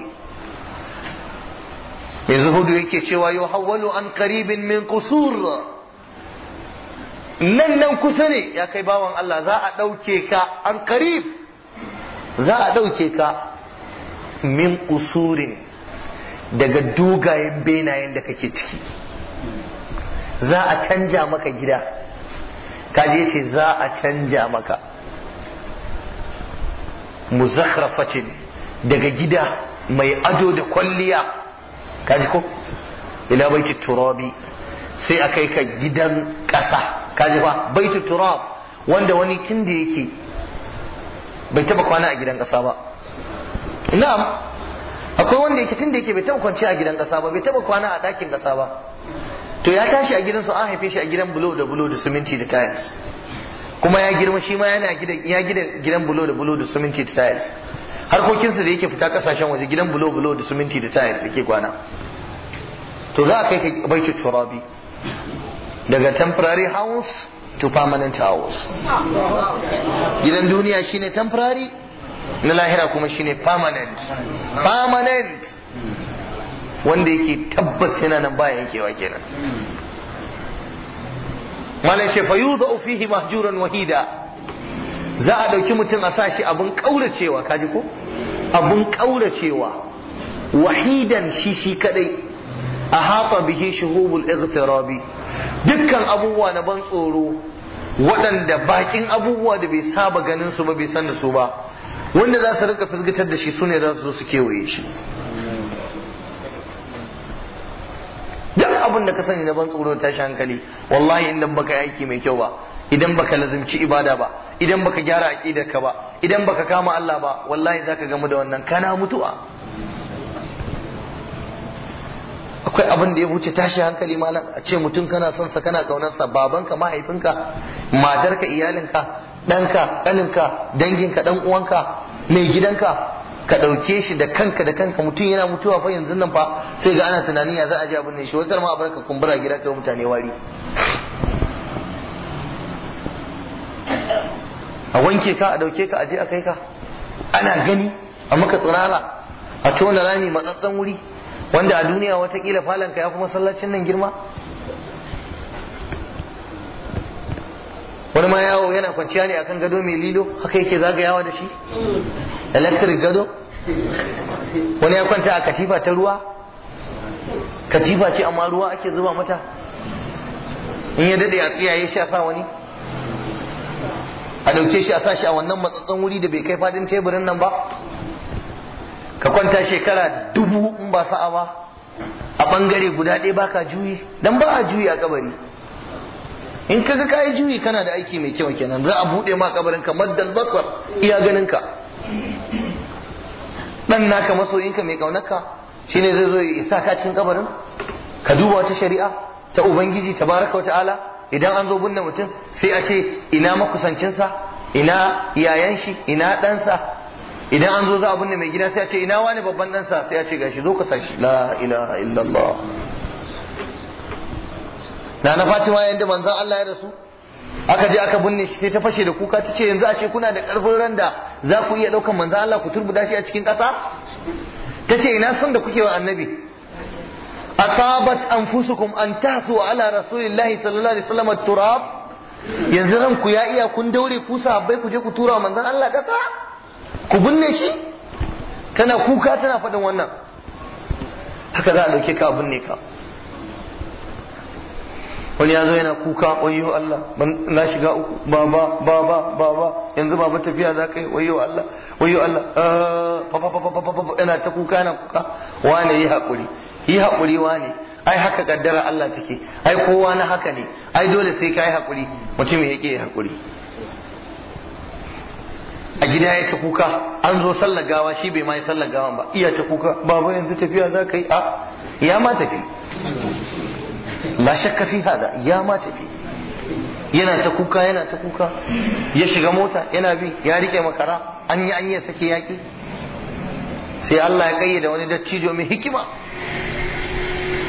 yanzu hudu yake cewa yuhawwalu an qaribin min qusur nan nan kusa ne ya kai bawan Allah za a ɗauke ka an za a ɗauke ka min kusurin daga dugayen benayen da kake ciki za a canja maka gida kaji ce za a canja maka muzakhrafatin daga gida mai ado da kwalliya kaji ko ila baiti turabi sai a kai ka gidan ƙasa kaji ba baiti turab wanda wani tun da yake bai taba kwana a gidan ƙasa ba na'am akwai wanda yake tun da yake bai taba kwanci a gidan ƙasa ba bai taba kwana a ɗakin ƙasa ba to ya tashi a gidansu an haife shi a gidan bulo da bulo da siminti da tiles kuma ya girma shi ma yana ya gida gidan bulo da bulo da siminti da tiles harkokinsu da yake fita kasashen waje gidan bulo bulo da siminti da tiles yake kwana to za a kai ka baitu turabi daga temporary house to permanent house gidan duniya shine temporary na lahira kuma shine permanent permanent wanda yake tabbas yana nan baya yankewa kenan malam ce fayuza fihi mahjuran wahida za a dauki mutum a sashi abun kauracewa kaji ko abun kauracewa wahidan shi shi kadai a hafa bihi shuhubul igtirabi dukkan abubuwa na ban tsoro waɗanda bakin abubuwa da bai saba ganin su ba bai san da su ba wanda za su rinka fusgatar da shi sune za su zo su kewaye shi abin da ka sani na ban tsoro tashi hankali wallahi idan baka yi aiki mai kyau ba idan baka lazimci ibada ba idan baka gyara ka ba idan baka kama Allah ba wallahi zaka gamu da wannan kana mutuwa akwai abin da ya wuce tashi hankali malam a ce mutum kana son sa kana sa, babanka mahaifinka matarka iyalinka ɗanka ɗaninka, danginka dan uwanka mai gidanka ka ɗauke shi da kanka da kanka mutum yana mutuwa fa yanzu nan fa sai ga ana tunani ya za a ji abin ne shi wata ma a barka kumbura gida kai mutane wari a wanke ka a ɗauke ka a je a kai ka ana gani a maka tsirara a tona rami matsatsan wuri wanda a duniya watakila falon ka ya fi masallacin nan girma wani ma yawo yana kwanciya ne akan gado mai lilo haka yake zagayawa da shi electric gado wani ya kwanta a katifa ta ruwa katifa ce amma ruwa ake zuba mata in ya dade a tsiyaye shi a sa wani a dauke shi a sa shi a wannan matsatsan wuri da bai kai fadin teburin nan ba ka kwanta shekara dubu in ba sa'a ba a bangare guda ɗaya baka juyi dan ba a juyi a kabari in kaga kai juyi kana da aiki mai kyau kenan za a bude ma kabarin ka maddal basar iya ganin ka dan naka ka mai kaunar ka shine zai zo ya isa ka cikin kabarin ka duba wata shari'a ta ubangiji tabaraka wa ta'ala idan an zo binne mutum sai a ce ina makusancinsa ina yayan shi ina sa idan an zo za a binne mai gida sai a ce ina wani babban ɗansa sai a ce gashi zo ka sashi la ilaha illallah na na fatima da manzon Allah ya rasu aka je aka binne shi sai ta fashe da kuka tace ce yanzu ashe kuna da karfin ran da za ku iya ɗaukan manzon Allah ku turbuda shi a cikin kasa tace ina son da kuke wa annabi atabat anfusukum an tahsu ala rasulillahi sallallahu alaihi wasallam turab yanzu ku ya iya kun daure ku sahabbai ku je ku tura manzon Allah ƙasa ku binne shi tana kuka tana faɗin wannan haka za a dauke ka a binne ka wani ya zo yana kuka wayo Allah na shiga uku baba baba baba yanzu baba tafiya za ka yi wayo Allah wayo Allah ah, yana ta kuka yana kuka wane yi haƙuri yi haƙuri wane ai haka kaddara Allah take ai kowa na haka ne ai dole sai ka yi haƙuri mutum ya ke haƙuri a gida ya ta kuka an zo sallar gawa shi bai ma yi sallar ba iya ta kuka baba yanzu tafiya za ka yi a ah, ya ma tafi la shakka fi hada ya ma tafi yana ta kuka yana ta kuka ya shiga mota yana bi ya rike makara an yi anya sake yaki sai Allah ya kayyade wani dattijo mai hikima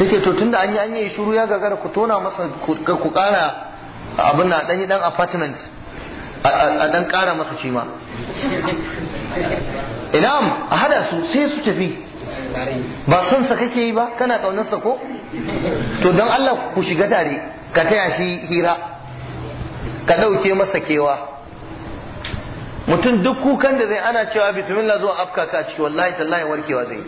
yace to tunda an yi anya ya shiru ya gagara ku tona masa ku kara abin na dan dan apartment a dan kara masa shi ma ina a hada su sai su tafi ba sun sa kake yi ba kana kaunar sa ko to don Allah ku shiga tare ka taya shi hira ka ɗauke masa kewa mutum duk kukan da zai ana cewa bismillah zuwa afka ka ciki wallahi tallahi warkewa zai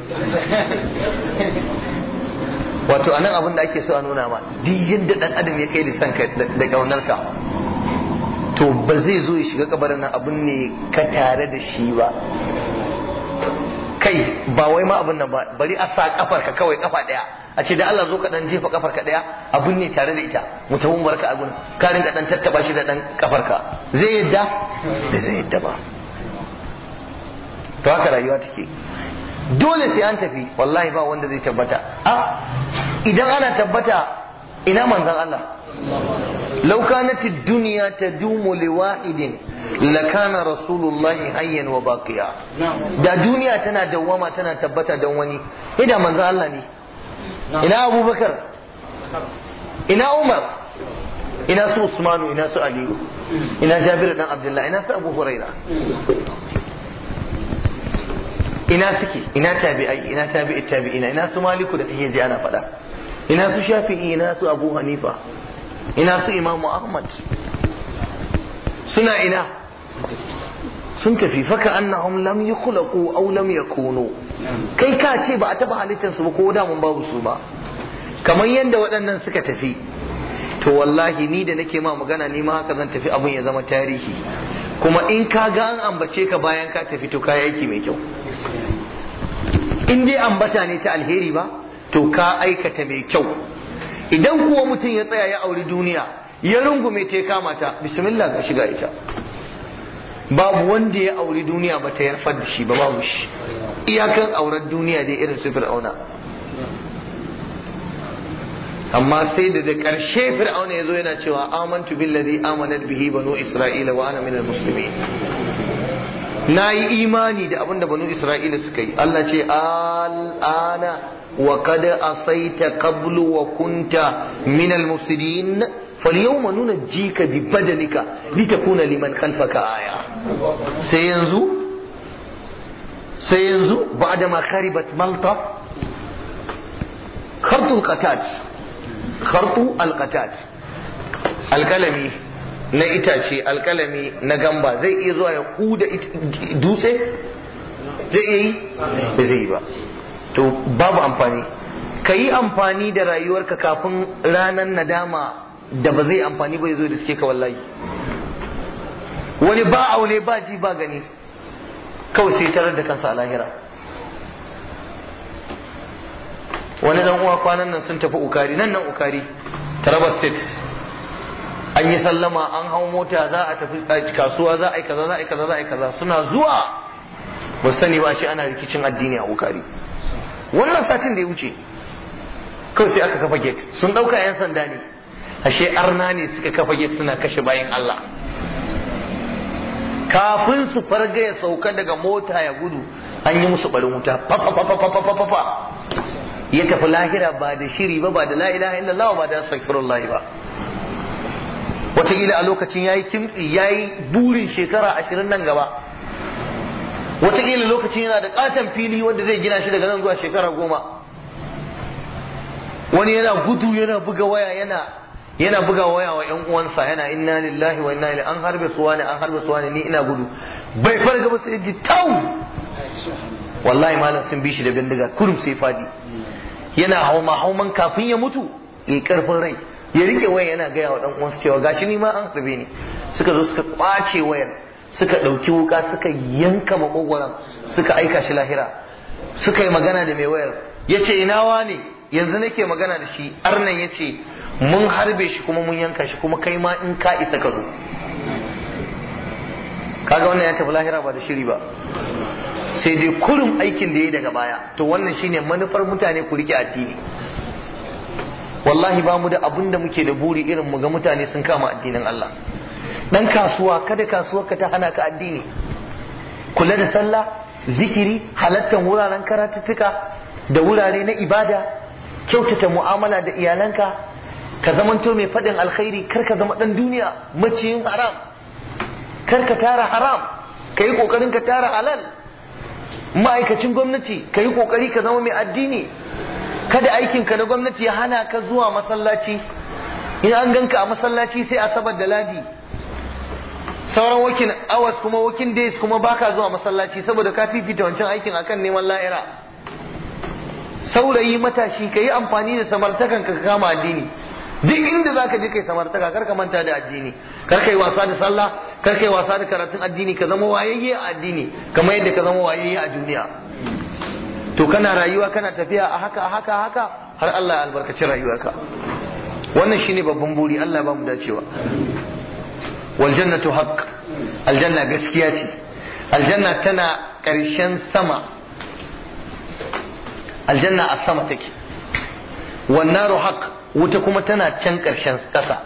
wato anan abin da ake so a nuna ma duk yadda dan adam ya kai da san da kaunar ka to ba zai zo ya shiga kabarin nan abin ne ka tare da shi ba kai ba wai ma abin nan ba bari a sa kafar ka kawai kafa daya a ce da Allah zo ka dan jefa kafar ka daya abun ne tare da ita mutawun barka a karin ka dan tattaba shi da dan kafar ka zai yadda da zai yadda ba to haka rayuwa take dole sai an tafi wallahi ba wanda zai tabbata a idan ana tabbata ina manzon Allah لو كانت الدنيا تدوم لواحد لكان رسول الله حيا وباقيا دا دنيا تنا دوما تنا تبتا wani. إذا من الله ني ina abubakar ina umar ina su usmanu ina su aliyu ina jabiru dan abdullahi ina su abu huraira ina suke ina tabi'ai ina tabi'i tabi'ina ina su maliku da kake ji ana faɗa ina su shafi'i ina su abu hanifa ina su imamu ahmad suna ina sun tafi faka annahum lam yukhlaqu aw lam yakunu kai ka ce ba a taba halittar su ba ko da mun babu su ba kamar yadda waɗannan suka tafi to wallahi ni da nake ma magana ni ma haka zan tafi abun ya zama tarihi kuma in ka ga an ambace ka bayan ka tafi to ka aiki mai kyau in dai ambata ne ta alheri ba to ka aikata mai kyau idan kuwa mutum ya tsaya ya auri duniya ya rungume ta ya kama ta bismillah ga shiga ita babu wanda ya auri duniya ba ta yarfar da shi ba babu shi iyakan auren duniya dai irin su fir'auna amma sai da da ƙarshe fir'auna ya zo yana cewa amantu ladi amanat bihi banu isra'ila wa ana minal musulmi. na yi imani da abin da banu isra'ila suka yi Allah ce al'ana wa kada asaita qablu wa kunta minal mufsidin falyawma nuna ji ka litakuna liman khalfaka aya sai yanzu sai yanzu ba'da ma kharibat malta khartul na itace alkalami na gamba zai iya zuwa ya kuda dutse zai iya yi ba zai yi ba to babu amfani ka yi amfani da rayuwarka kafin ranar nadama da ba zai amfani ba ya zo da suke ka wallahi wani ba aune ba ji ba gani kawai sai tarar da kansa a lahira wani dan uwa kwanan nan sun tafi ukari nan nan ukari taraba state an yi sallama an hau mota za a tafi kasuwa za a yi kaza za a yi kaza za a yi kaza suna zuwa ba sani ba shi ana rikicin addini a ukari wannan satin da ya wuce kawai sai aka kafa gate sun dauka yan sanda ne ashe arna ne suka kafa yi suna kashe bayan Allah kafin su farga ya sauka daga mota ya gudu an yi musu barin wuta fa ya tafi lahira ba da shiri ba ba da la illallah ba da astaghfirullah ba wataƙila a lokacin ya yi kimtsi ya yi burin shekara ashirin nan gaba wataƙila lokacin yana da ƙaton fili wanda zai gina shi daga nan zuwa shekara goma wani yana gudu yana buga waya yana yana buga waya wa yan uwansa yana inna lillahi wa inna ilaihi an harbe suwa ne an harbe suwa ne ni ina gudu bai farga ba sai ji tau wallahi malam sun bi shi da bindiga kurum sai fadi yana hauma hauman kafin ya mutu in karfin rai ya rike waya yana gaya wa dan uwansa cewa gashi ni ma an harbe ni suka zo suka kwace wayar suka ɗauki wuka suka yanka makogwaron suka aika shi lahira suka yi magana da mai wayar yace ce ina ne yanzu nake magana da shi arnan ya ce mun harbe shi kuma mun yanka shi kuma kai ma in ka isa ka zo kaga wannan ya tafi lahira ba da shiri ba sai dai kurum aikin da ya yi daga baya to wannan shine manufar mutane ku rike addini wallahi ba mu da abun da muke da buri irin mu ga mutane sun kama addinin Allah dan kasuwa kada kasuwar ka ta hana ka addini kula da sallah zikiri halattan wuraren karatuttuka da wurare na ibada kyautata mu'amala da iyalanka ka zamanto mai faɗin alkhairi kar ka zama ɗan duniya maciyin haram kar ka tara haram ka yi ƙoƙarin ka tara halal ma'aikacin gwamnati ka yi ƙoƙari ka zama mai addini kada aikinka na gwamnati ya hana ka zuwa masallaci in an ganka a masallaci sai asabar da ladi sauran wakin awas kuma wakin days kuma baka zuwa masallaci saboda ka fifita wancan aikin akan neman la'ira saurayi matashi ka yi amfani da samartakan ka kama addini duk inda zaka je kai samartaka karka ka manta da addini kar kai wasa da sallah kar kai wasa da karatun addini ka zama wayayye a addini kamar yadda ka zama wayayye a duniya to kana rayuwa kana tafiya a haka a haka haka har Allah ya albarkaci rayuwarka wannan shine babban buri Allah ba mu dacewa wal jannatu haqq aljanna gaskiya ce aljanna tana ƙarshen sama aljanna a sama take wannan haq wuta kuma tana can ƙarshen ƙasa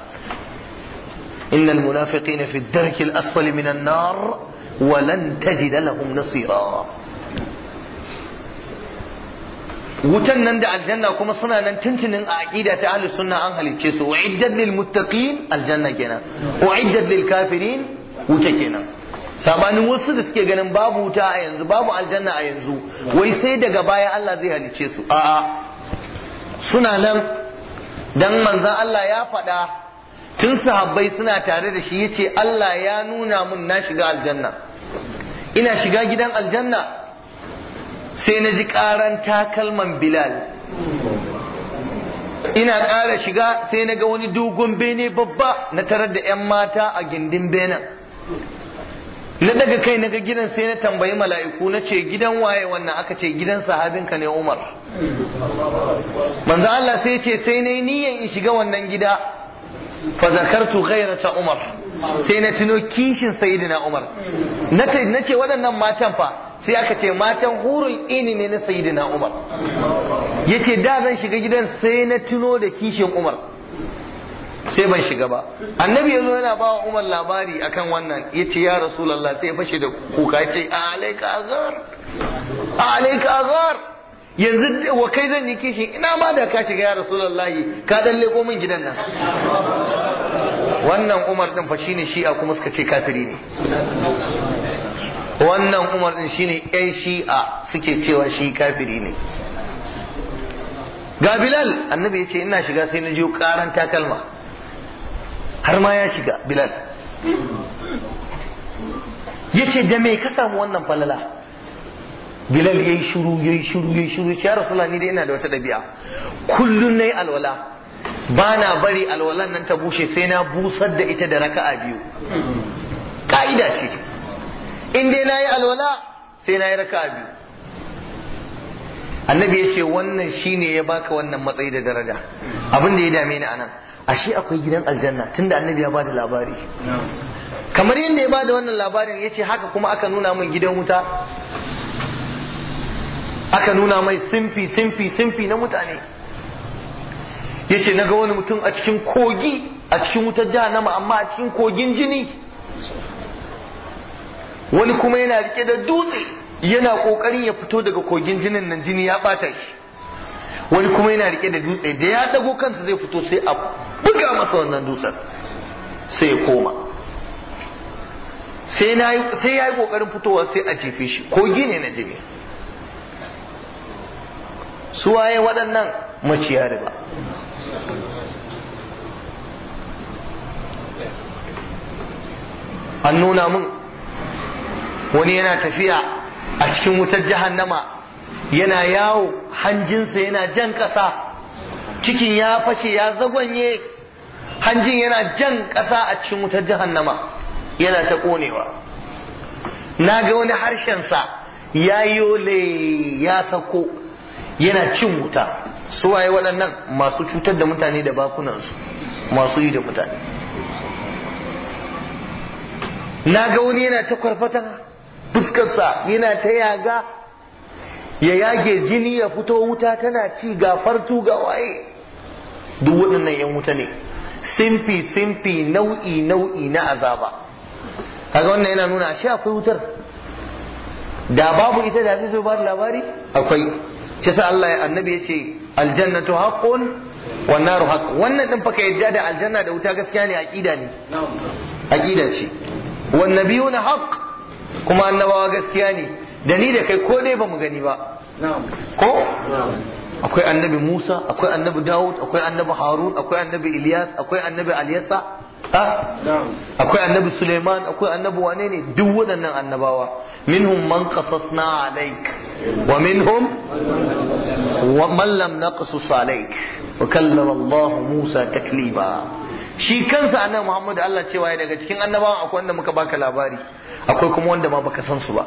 innal munafiqina fi darkil asfali minan nar wa lan tajida lahum nasira wutan nan da aljanna kuma suna nan tuntunin a aqida ta ahlus sunna an halicce su uiddat lil muttaqin aljanna kenan uiddat lil kafirin wuta kenan sabanin wasu da suke ganin babu wuta a yanzu babu aljanna a yanzu wai sai daga baya Allah zai halice su a'a suna nan dan manzon Allah ya faɗa tun sahabbai suna tare da shi yace Allah ya nuna mun na shiga aljanna ina shiga gidan aljanna sai na ji karan takalman Bilal ina ƙara shiga sai na ga wani dogon bene babba na tarar da 'yan mata a gindin benen na daga kai na ga gidan sai na tambayi mala'iku na ce gidan waye wannan aka ce gidan sahabinka ne Umar manzo Allah sai ce sai nayi niyan in shiga wannan gida fa zakartu ghayrata Umar sai na tuno kishin sayyidina Umar na ce waɗannan matan fa sai aka ce matan hurun ini ne na sayyidina Umar yace da zan shiga gidan sai na tuno da kishin Umar sai ban shiga ba annabi yanzu yana ba wa umar labari akan wannan yace ya lalla sai fashe da kuka yace alaika azar alaika azar yanzu wa kai zan yi kishi ina ma da ka shiga ya rasulullah ka dan leko min gidan nan wannan umar din fa shine shi'a kuma suka ce kafiri ne wannan umar din shine yan shi'a suke cewa shi kafiri ne ga bilal annabi ya ce ina shiga sai na jiyo karan takalma har ma ya shiga bilal ya ce da me ka samu wannan falala bilal ya yi shuru ya yi shuru ya yi shuru ya rasu ni da yana da wata ɗabi'a kullum na yi alwala Bana bari alwalan nan ta bushe sai na busar da ita da raka'a biyu ka'ida ce in dai na yi alwala sai na yi raka'a biyu annabi ya ce wannan shine ya baka wannan matsayi da daraja abin da ya dame ni anan ashe akwai gidan aljanna tunda annabi ya bada labari kamar yadda ya bada wannan labarin yace haka kuma aka nuna min gidan wuta aka nuna mai simfi simfi simfi na mutane yace ga wani mutum a cikin kogi a cikin wutar jahannama amma a cikin kogin jini wani kuma yana rike da dutse yana kokarin ya fito daga kogin jinin nan jini ya bata shi wani kuma yana rike da dutse da ya dago kansa zai fito sai a buga masa wannan dutsen sai ya koma sai ya yi kokarin fitowa sai a jefe shi ko gine na jini su waye waɗannan maciya riba an nuna mun wani yana tafiya a cikin wutar jahannama yana yawo hanjinsa yana jan ƙasa cikin ya fashe ya zagonye hanjin yana jan ƙasa a cikin wutar jahannama yana ta ƙonewa na ga wani harshensa ya yole ya sako yana cin wuta su waye waɗannan masu cutar da mutane da bakunansu masu yi da mutane na ga wani yana ta kwarfata fuskarsa yana ta yaga ya yage jini ya fito wuta tana ci ga fartu ga waye duk waɗannan yan wuta ne simfi simfi nau'i nau'i na azaba kaga wannan yana nuna ashe akwai wutar da babu ita da zai zo ba labari akwai ce sa Allah ya annabi ya ce aljannatu haqqun wan naru haqq wannan din faka yadda da aljanna da wuta gaskiya ne aqida ne aqida ce wan nabiyuna haqq kuma annabawa gaskiya ne da ni da kai ko dai ba mu gani ba ko akwai annabi Musa akwai annabi Dawud akwai annabi Harun akwai annabi Ilyas akwai annabi Aliyasa akwai annabi Suleiman akwai annabi wane ne duk waɗannan annabawa minhum man qasasna alaik wa minhum man lam naqsus alaik wa kallama Allah Musa taklima shi kansa annabi Muhammad Allah cewa daga cikin annabawan akwai wanda muka baka labari akwai kuma wanda ma baka san su ba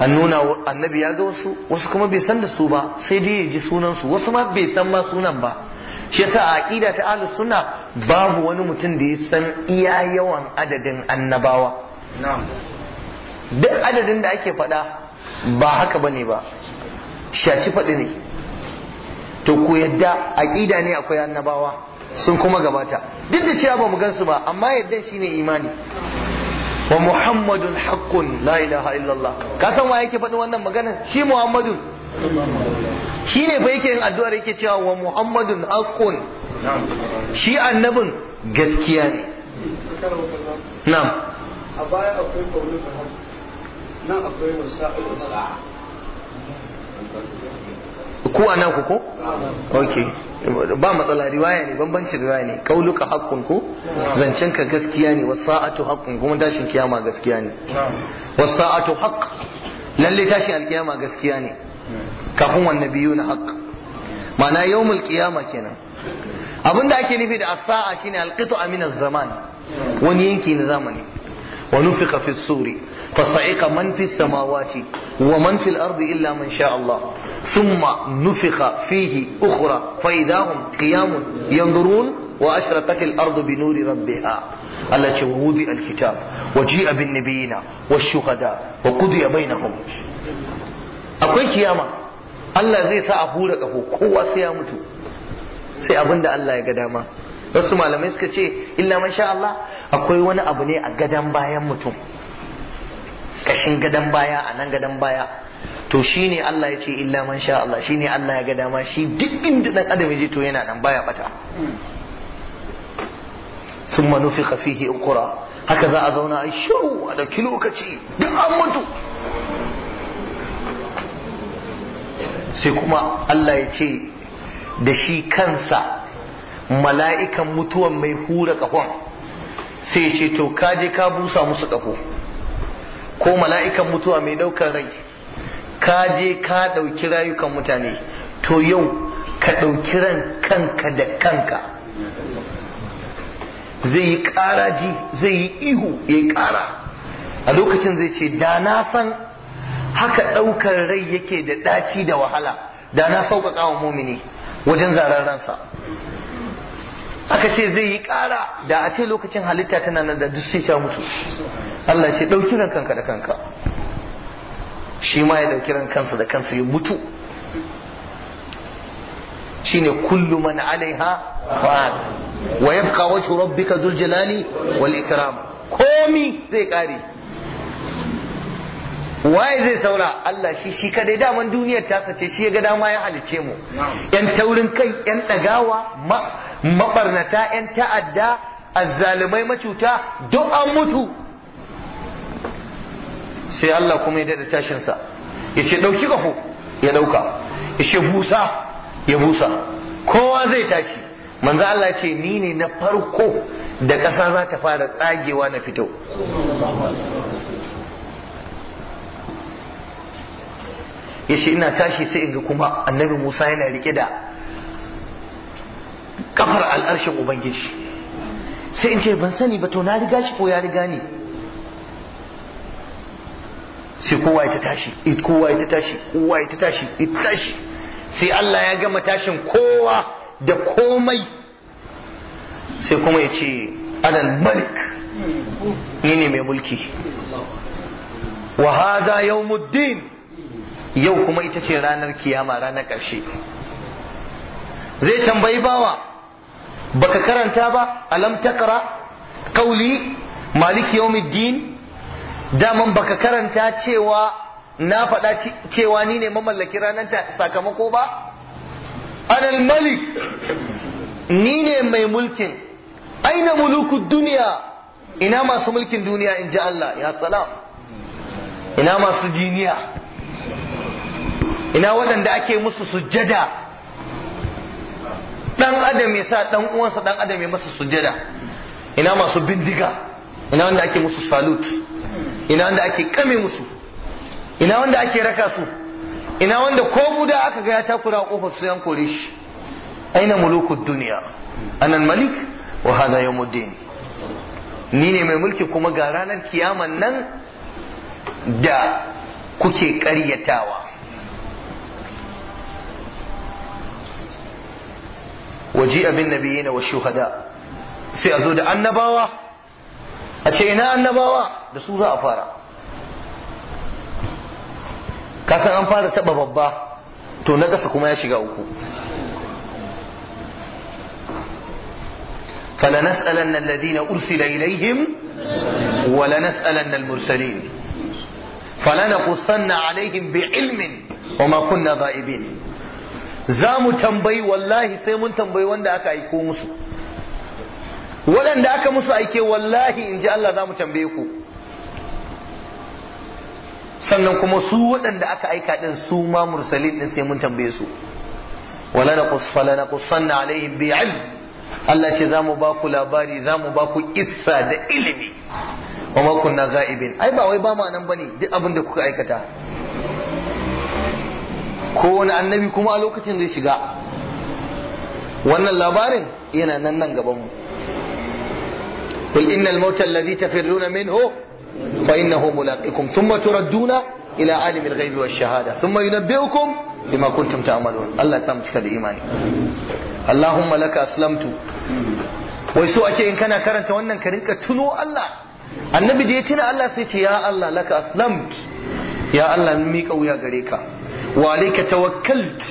an nuna annabi ya ga wasu wasu kuma bai san da su ba sai dai ya ji sunan su wasu ma bai san ma sunan ba shi yasa a aqida ta ahlus sunna babu wani mutum da ya san iya yawan adadin annabawa duk adadin da ake faɗa ba haka bane ba shaci faɗi ne to ko yadda aqida ne akwai annabawa sun kuma gabata duk da cewa ba mu gansu ba amma yaddan shine imani wa muhammadun haqqun la ilaha illallah ka san wa yake faɗin wannan magana shi muhammadun shi ne fa yake yin addu'ar yake cewa wa muhammadun haqqun shi annabin gaskiya ne na'am a baya akwai nan akwai sa'a ku a naku ko okay ba matsala riwaya ne bambancin riwaya ne kauluka haƙƙun ku. zancen ka gaskiya ne wasa'atu haƙƙun kuma tashin kiyama gaskiya ne wasa'atu haƙƙ lalle tashin alkiyama gaskiya ne kafin biyu na haƙƙ? ma'ana yawmul mulkiyama kenan abinda ake nufi da asa'a shine al-qit'a zaman wani yanki na zamani ونفخ في الصور فصعق من في السماوات ومن في الأرض إلا من شاء الله ثم نفخ فيه أخرى فإذا هم قيام ينظرون وأشرقت الأرض بنور ربها التي ووضع الكتاب وجيء بالنبيين والشهداء وقضي بينهم أقول قيامة الله زي سأفورك أفو قوة سيامته سيأبند الله يقدامه wasu malamai suka ce illa masha Allah akwai wani abu ne a gadan bayan mutum kashin gadan baya a nan gadan baya to shine Allah ya ce illa man sha shine Allah ya ga dama shi duk inda dan adam je to yana nan baya bata summa nufiqa fihi uqra haka za a zauna a shiru a dauki lokaci duk an sai kuma Allah ya ce da shi kansa mala'ikan mutuwan mai hura kafon sai ce to kaje ka busa musu ƙafo ko mala'ikan mutuwa mai ɗaukar rai ka je ka ɗauki rayukan mutane to yau ka ɗauki ran kanka da kanka zai yi ji zai yi ihu ya yi ƙara a lokacin zai ce da na san haka ɗaukar rai yake da ɗaci da wahala da na sauƙaƙa wa mumini wajen zarar ransa aka ce zai yi ƙara da a ce lokacin halitta tana nan da duk sai ta mutu Allah ce ɗauki ran kanka da kanka shi ma ya ɗauki ran kansa da kansa ya mutu shine kullu man alaiha fa'al wa yabqa wajhu rabbika dhul jalali wal ikram komi zai kare waye zai saura Allah shi shi kadai daman duniyar ta sace shi ya ga dama ya halice mu yan taurin kai yan dagawa mabarnata yan ta'adda azzalumai macuta duk an mutu sai Allah kuma ya dada tashinsa. Ya ce ɗauki kafo ya Ya ce busa ya busa kowa zai tashi manzo Allah ce ni ne na farko da ƙasa za ta fara tsagewa na fito ce ina tashi sai in ga kuma annabi Musa yana rike da kafar al'arshin ubangiji sai in ce ban sani ba to na riga shi ko ya riga ni sai kowa ya tashi it kowa ya tashi kowa ya tashi it tashi sai Allah ya gama tashin kowa da komai sai kuma ya ce anan malik ni ne mai mulki wa hada yawmuddin yau kuma ita ce ranar kiyama ranar ƙarshe zai tambayi bawa baka karanta ba alam takara kauli maliki yawmiddin daman baka karanta cewa na faɗa cewa ni ne mamallaki ranar sakamako ba anal malik ni ne mai mulkin aina mulukud duniya ina masu mulkin duniya in ji Allah ya salam ina masu jiniya ina waɗanda ake musu sujjada dan adam ya sa dan uwansa dan adam ya masa sujjada ina masu bindiga ina wanda ake musu salut ina wanda ake kame musu ina wanda ake raka su ina wanda ko guda aka ga ya takura a kofar su yan kore shi aina mulukud duniya anan malik wa hada yawmuddin ni ne mai mulki kuma ga ranar kiyaman nan da kuke ƙaryatawa waji'a bin na wa shuhada sai a zo da annabawa a ce ina annabawa da su za a fara kasan an fara taba babba to na ƙasa kuma ya shiga uku فلنسألن الذين أرسل إليهم ولنسألن المرسلين فلنقصن عليهم بعلم وما كنا غائبين za mu tambayi wallahi sai mun tambayi wanda aka aiko musu waɗanda aka musu aike wallahi in ji Allah za mu tambaye ku sannan kuma su waɗanda aka aika ɗin su ma mursalin din sai mun tambaye su wala na kusfala na kusanna alaihim bi Allah ce za mu ba ku labari za mu ba ku isa da ilimi wa ma na za'ibin ai ba wai ba ma nan bane duk abin da kuka aikata Ko wani annabi kuma a lokacin zai shiga wannan labarin yana nan nan gabanmu in almautar lazi tafi nuna min ho fa ina ho mulaƙikun sun matu raduna ila alimin gaibiyar shahada sun mai na biyu kun lima kun tumta amalu Allah ya samu cika da imani Allahun laka aslamtu wai so ake in kana karanta wannan ka rinka tuno Allah annabi da ya tuna Allah sai ce ya Allah laka aslamtu ya Allah mi miƙa wuya gare ka wa alayka tawakkalt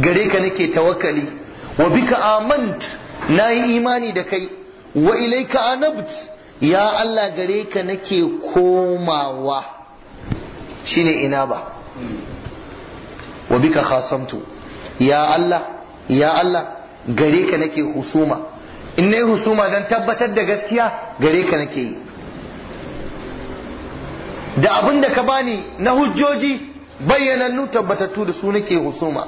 gare ka nake tawakkali wa bika amant nayi imani da kai wa ilayka anabt ya Allah gare ka nake komawa shine ina ba wa bika khasamtu ya Allah ya Allah gare ka nake husuma in nayi husuma dan tabbatar da gaskiya gare ka nake yi da abinda ka bani na hujjoji nu tabbatattu da su nake husuma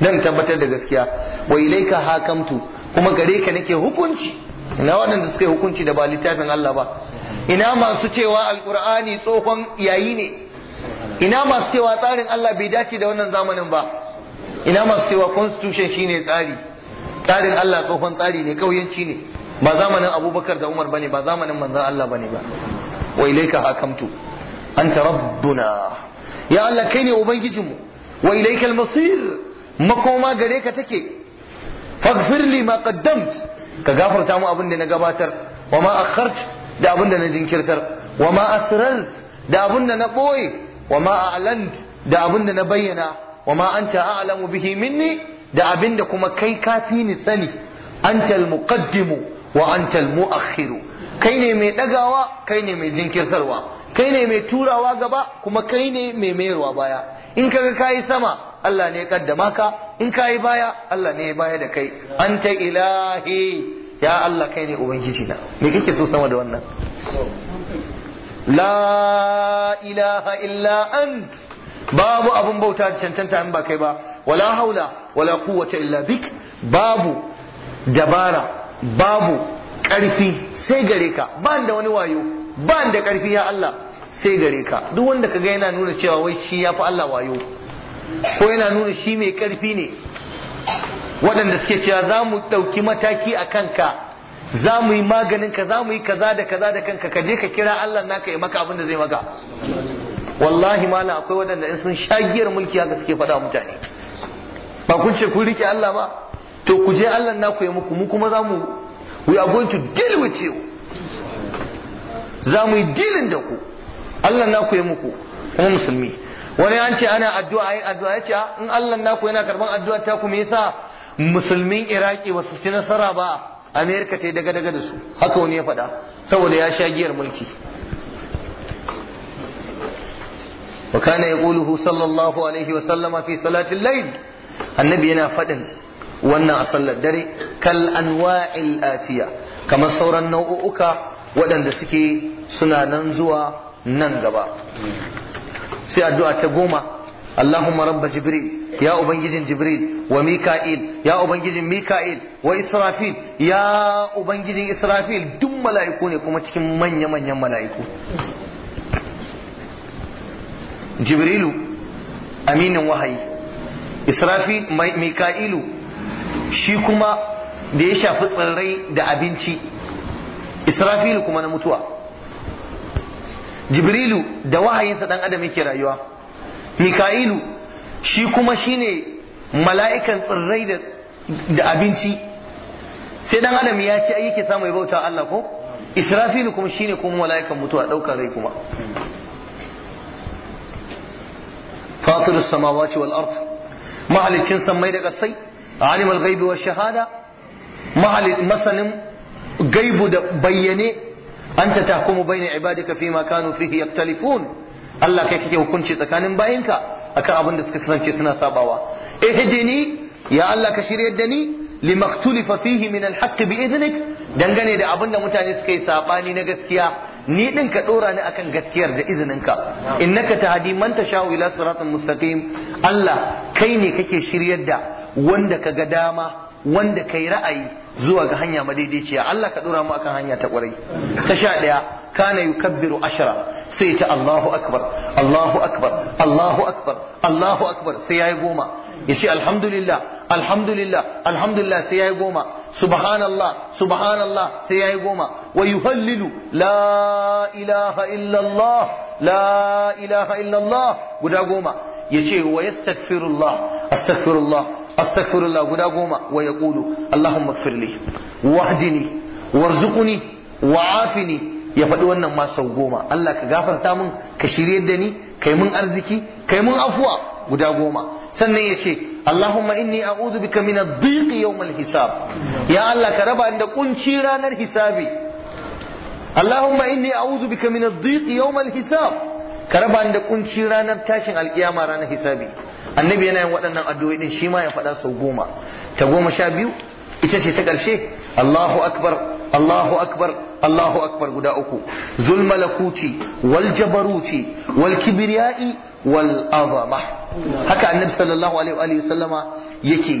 dan tabbatar da gaskiya wa ilaika hakamtu kuma gare ka nake hukunci ina waɗanda suka yi hukunci da ba littafin Allah ba ina masu cewa alqur'ani tsohon yayi ne ina masu cewa tsarin Allah bai dace da wannan zamanin ba ina masu cewa constitution shine tsari tsarin Allah tsohon tsari ne kauyanci ne ba zamanin Abubakar da Umar bane ba zamanin manzon Allah bane ba wa ilaika hakamtu anta rabbuna ya Allah kai ne ubangijinmu wa ilaikal masir makoma gare ka take faghfir li ma qaddamt ka gafarta mu abin da na gabatar wa ma akhart da abin da na jinkirtar wa ma asrart da abin da na boye wa ma a'lant da abin da na bayyana wa ma anta a'lamu bihi minni da abin da kuma kai kafi ni sani anta al-muqaddimu wa anta al-mu'akhiru kai ne mai dagawa kai ne mai jinkirtarwa kai ne mai turawa gaba kuma kai ne mai mayarwa baya in kaga kayi sama Allah ne ya kaddama ka in kai baya Allah ne ya baya da kai anta ilahi ya Allah kai ne ubangiji na me kake so sama da wannan la ilaha illa ant babu abun bauta cancanta in ba kai ba wala haula wala quwwata illa bik babu dabara babu ƙarfi sai gare ka ba da wani wayo ba da karfi ya Allah sai gare ka duk wanda ka ga yana nuna cewa wai shi ya fi Allah wayo ko yana nuna shi mai karfi ne waɗanda suke cewa za mu ɗauki mataki a kanka za mu yi maganin ka za mu yi kaza da kaza da kanka ka je ka kira Allah naka ya maka abin da zai maka wallahi malam akwai waɗanda in sun giyar mulki haka suke faɗa mutane ba kun ce kun rike Allah ba to ku je Allah naku ya muku mu kuma za mu we are going to deal with you za mu yi dilin da ku Allah na ku yi muku kuma musulmi wani an ce ana addu'a ai addu'a ya ce ah, in Allah na ku yana karban addu'a ta ku me yasa musulmin Iraki ba su ci nasara ba Amerika ta yi daga daga da su haka wani ya faɗa saboda ya sha giyar mulki wa kana yaquluhu sallallahu alaihi wa sallama fi salatin al annabi yana faɗin wannan a sallar dare kal anwa'il atiya kamar sauran nau'uka waɗanda suke suna nan zuwa nan gaba sai addu'a ta goma Allahumma rabba Jibril ya ubangijin Jibril wa Mika'il ya ubangijin Mika'il wa Israfil ya ubangijin Israfil duk mala'iku ne kuma cikin manya manyan mala'iku Jibrilu aminin wahayi Israfil Mika'ilu shi kuma da ya shafi tsirrai da abinci israfilu kuma na mutuwa jibrilu da wahayinsa dan adam yake rayuwa mika'ilu shi kuma shine mala'ikan tsirrai da abinci sai dan adam ya ci ai yake samu ya bauta Allah ko israfilu kuma shine kuma mala'ikan mutuwa daukar rai kuma fatir samawati wal ard mahalicin sammai da kasai alimul ghaibi wash shahada masanin gaibu da bayyane ta kuma bayna ibadika fima kanu fihi yaktalifun Allah kai kake hukunci tsakanin bayinka akan abin da suka kasance suna sabawa ihdini eh, ya Allah ka shiryar da ni limaktulifa fihi min alhaq bi idnik dangane da abin da mutane suka yi sabani na gaskiya ni din ka dora ni akan gaskiyar da izininka innaka tahdi man tashau ila siratin mustaqim Allah kai ne kake shiryar da wanda ka ga dama wanda kai ra'ayi zuwa ga hanya madaidaiciya Allah ka dora mu akan hanya ta kwarai ta sha ɗaya kana yukabbiru ashara sai ta Allahu akbar Allahu akbar Allahu akbar Allahu akbar sai yayi goma ce alhamdulillah alhamdulillah alhamdulillah sai yayi goma subhanallah subhanallah sai yayi goma wa yuhallilu la ilaha illallah, la ilaha illallah. guda goma ce wa yastaghfirullah astaghfirullah astaghfirullah guda goma wa yaqulu allahumma ighfirli wahdini warzuqni wa'afini ya faɗi wannan ma sau goma Allah ka gafarta min ka shirye da ni kai mun arziki kai mun afuwa guda goma sannan ya ce Allahumma inni a'udhu bika min ad-dhiq yawm al-hisab ya Allah ka raba da kunci ranar hisabi Allahumma inni a'udhu bika min ad-dhiq yawm al-hisab ka raba da kunci ranar tashin al alkiyama ranar hisabi annabi yana yin waɗannan addu'o'i din shi ma ya faɗa sau goma ta goma sha biyu ita ce ta ƙarshe Allahu akbar Allahu akbar Allahu akbar guda uku zul malakuti wal jabaruti wal kibriyai wal azama haka annabi sallallahu alaihi wa sallama yake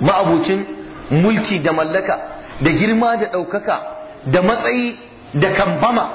ma'abucin mulki da mallaka da girma da ɗaukaka da matsayi da kambama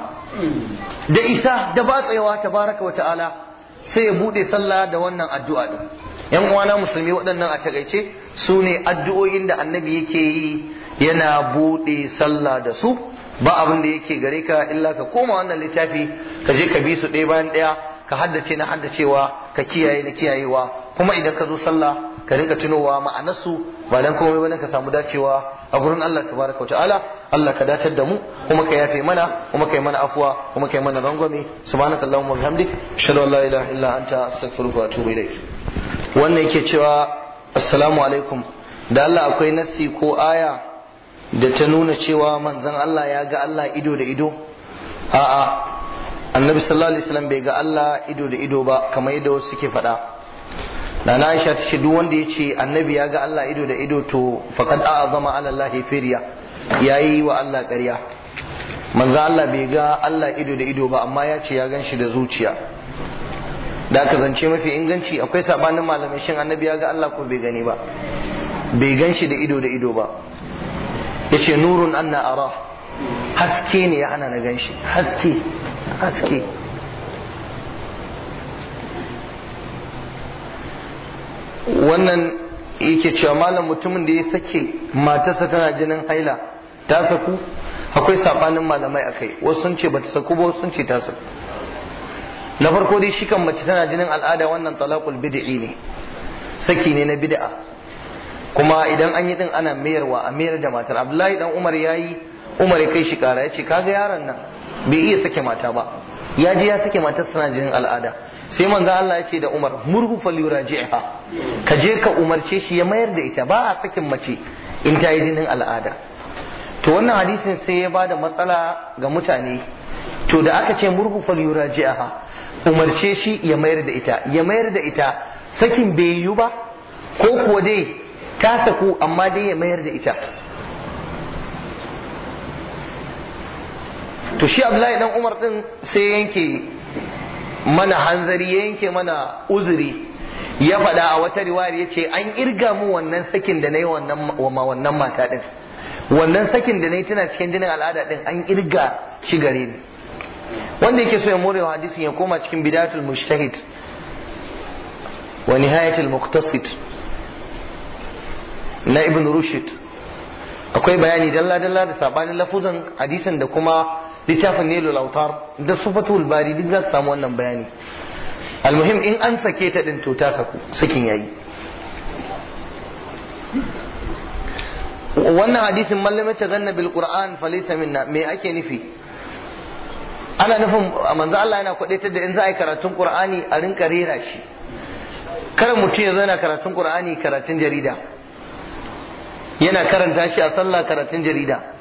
da isa da batsayawa tabaraka wa ta'ala sai ya bude sallah da wannan addu'a din yan uwana musulmi waɗannan a takaice su ne addu'o'in da annabi yake yi yana bude sallah da su ba abin da yake gare ka illa ka koma wannan littafi ka je ka bi su ɗaya bayan ɗaya ka haddace na haddacewa ka kiyaye na kiyayewa kuma idan ka zo sallah ka rinka tunowa ma'anarsu ba dan komai bane ka samu dacewa a gurin Allah tabaraka ta'ala Allah ka dace da mu kuma ka yafe mana kuma kai mana afuwa kuma kai mana rangwame subhanakallahumma wa bihamdik ashhadu an la ilaha illa anta astaghfiruka wa atubu ilaik wannan yake cewa assalamu alaikum da Allah akwai nassi ko aya da ta nuna cewa manzon Allah ya ga Allah ido da ido a'a annabi sallallahu alaihi wasallam bai ga Allah ido da ido ba kamar yadda wasu suke faɗa na Aisha ta ce duk wanda ya ce annabi ya ga Allah ido da ido to faqad a'zama ala Allah firiya yayi wa Allah ƙarya manzo Allah bai ga Allah ido da ido ba amma ya ce ya ganshi da zuciya da aka zance mafi inganci akwai sabanin malamai shin annabi ya ga Allah ko bai gani ba bai gan da ido da ido ba yace nurun anna ara haske ne ya ana na gan haske haske wannan yake cewa malam mutumin da ya sake matarsa tana jinin haila ta saku akwai sabanin malamai akai wasu sun ce ba ta saku ba wasu sun ce ta saku na farko dai shi kan mace tana jinin al'ada wannan talaqul bid'i ne saki ne na bid'a kuma idan an yi din ana mayarwa a mayar da matar abdullahi dan umar yayi umar ya kai shi kara ya ce kaga yaron nan bai iya sake mata ba ya je ya sake matar tana jinin al'ada sai manzo Allah ya ce da Umar murhu falyuraji'ha ka je ka umarce shi ya mayar da ita ba a sakin mace in ta yi jinin al'ada to wannan hadisin sai ya bada matsala ga mutane to da aka ce murhu falyuraji'ha umarce shi ya mayar da ita ya mayar da ita sakin bai yiwu ba ko kuwa dai ta saku amma dai ya mayar da ita to shi Abdullahi dan Umar din sai yanke mana hanzari ya yanke mana uzuri ya faɗa a wata riwayar ya ce an irga mu wannan sakin da na yi wannan mata ɗin wannan sakin da na yi tana cikin jinin al'ada ɗin an irga shi gare ni wanda yake so ya more wa hadisin ya koma cikin bidatul mushtahid wa nihayatul muqtasid na ibn Rushid. akwai bayani dalla dalla da sabanin lafuzan hadisin da kuma littafin nilul autar da sufatul bari duk za samu wannan bayani almuhim in an sake ta din to ta saku sakin yayi wannan hadisin mallamai ta zanna bil qur'an falaysa minna me ake nufi ana nufin manzo Allah yana kwadaitar da in za a yi karatun qur'ani a rinka rera shi kar mutum ya yana karatun qur'ani karatun jarida yana karanta shi a sallah karatun jarida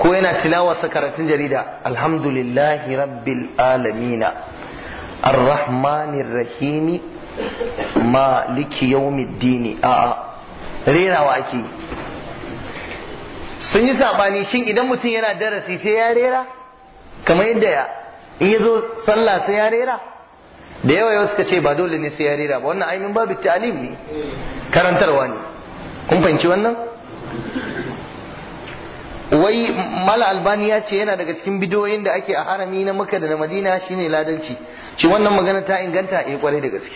ko yana tilawa sa karatun jarida alhamdulillahi rabbil alamina arrahmanir rahimi maliki yawmiddini a'a rerawa ake sun yi sabani shin idan mutum yana darasi sai ya rera kamar yadda ya in ya zo sallah sai ya rera da yawa yau suka ce ba dole ne sai ya rera ba wannan ainihin babu ta'alim ne karantarwa ne kun fahimci wannan wai mala albani ya ce yana daga cikin bidiyoyin da ake a harami na maka da na madina shine ladanci shi wannan magana ta inganta a eh, kwarai da gaske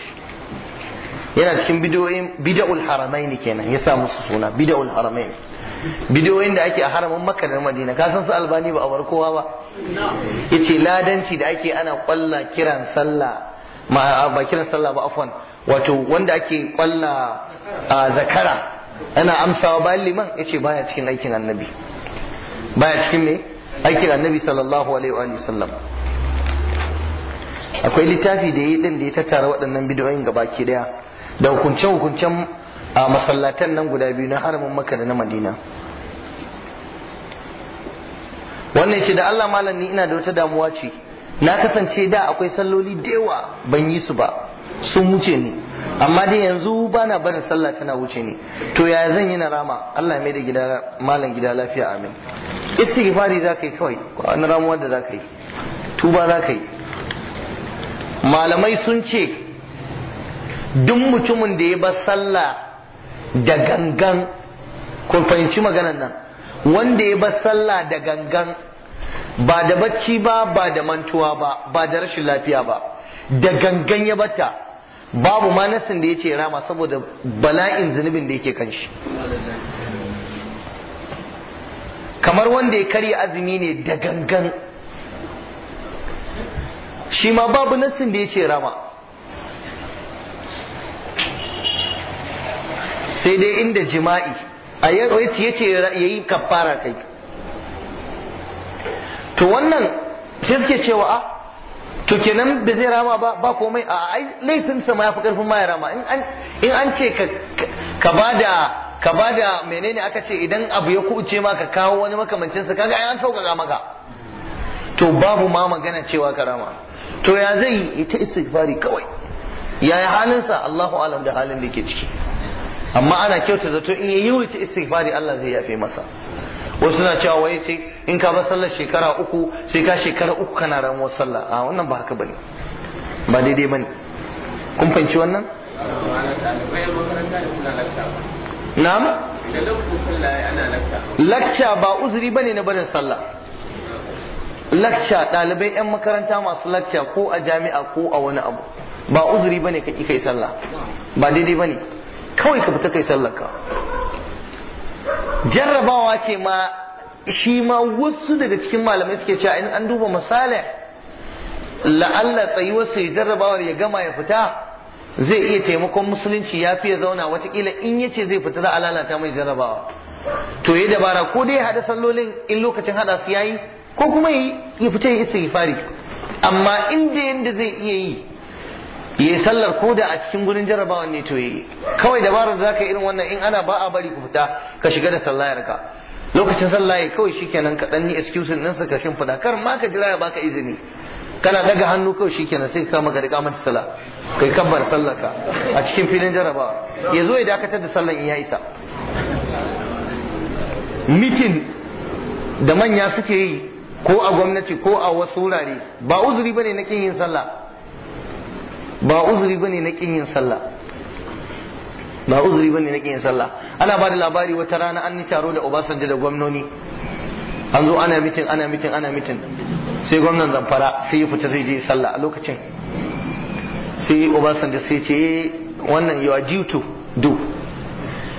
yana cikin bidiyoyin al-haramai ne kenan ya sa musu suna al-haramai ne. bidiyoyin da ake a haramin makka da madina ka san su albani ba a bar kowa ba ce ladanci da ake ana kwalla kiran sallah ba kiran sallah ba afwan wato wanda ake kwalla zakara ana amsawa bayan liman ya ce baya cikin aikin annabi baya cikin me aikin annabi sallallahu alaihi wa sallam akwai littafi da yi din da ya tattara waɗannan bidiyoyin gaba ke daya da hukunce hukuncen a masallatan nan guda biyu na haramin maka da na madina wannan ce da allah malam ni ina da wata damuwa ce na kasance da akwai salloli da yawa ban yi su ba sun wuce ni amma dai yanzu bana na barin sallah tana wuce ni to yaya zan yi na rama Allah mai da gida malam gida lafiya amin istighfari za ka yi kawai na ramuwar da za ka yi tuba za malamai sun ce duk mutumin da ya bar sallah da gangan kun fahimci maganar nan wanda ya bar sallah da gangan ba da bacci ba ba da mantuwa ba ba da rashin lafiya ba da gangan ya bata babu ma nassin da ya ce rama saboda bala'in zunubin da yake kan shi kamar wanda ya karya azumi ne da gangan shi ma babu nassin da ya ce rama sai dai inda jima'i a ya ce ya yi kafara kai to wannan sai suke cewa a ah, to kenan da zai rama ba ba komai a ai laifin sa ma yafi karfin ma ya rama in an in ce ka ka bada ka bada menene aka ce idan abu ya kuce ma ka kawo wani makamancin sa kaga ai an sauƙaƙa maka to babu ma magana cewa ka rama to ya zai yi ta istighfari kawai yaya halin sa Allahu alam da halin da ke ciki amma ana kyauta zato in yayi wuce istighfari Allah zai yafe masa wasu na cewa wai sai in ka bar sallar shekara uku sai ka shekara uku kana ramuwar sallah a wannan ba haka bane ba daidai bane kun fahimci wannan na'am lakca ba uzuri bane na barin sallah lakca ɗalibai 'yan makaranta masu lakca ko a jami'a ko a wani abu ba uzuri bane ka ki kai sallah ba daidai bane kawai ka fita kai sallar ka jarrabawa ce ma shi ma wasu daga cikin malamai suke cewa in an duba misali la'alla tsayuwar ya jarrabawar ya gama ya fita zai iya taimakon musulunci ya fiye zauna watakila in ya ce zai fita za a lalata mai jarrabawa to yi dabara ko dai hada sallolin in lokacin hada su yayi ko kuma ya fita ya isa fari. amma inda yanda zai iya yi ya yi sallar ko da a cikin gurin jarabawan ne to yi kawai dabarar za ka irin wannan in ana ba a bari ku fita ka shiga da sallayar ka lokacin sallaye kawai shikenan ka kaɗan yi excuse din sa ka shimfida kar ma ka jira ya baka izini kana daga hannu kawai shikenan sai ka maka riƙa mata sala kai kabbar sallar ka a cikin filin jarabawa ya zo ya dakatar da sallar in ya isa mitin da manya suke yi ko a gwamnati ko a wasu wurare ba uzuri bane na kin yin sallah ba uzuri bane na kin yin sallah ba uzuri bane na kin yin sallah ana ba da labari wata rana an yi taro da Obasanjo da gwamnoni an zo ana mitin ana mitin ana mitin sai gwamnan zamfara sai ya fita sai je sallah a lokacin sai Obasanjo sai ce eh, wannan you are due to do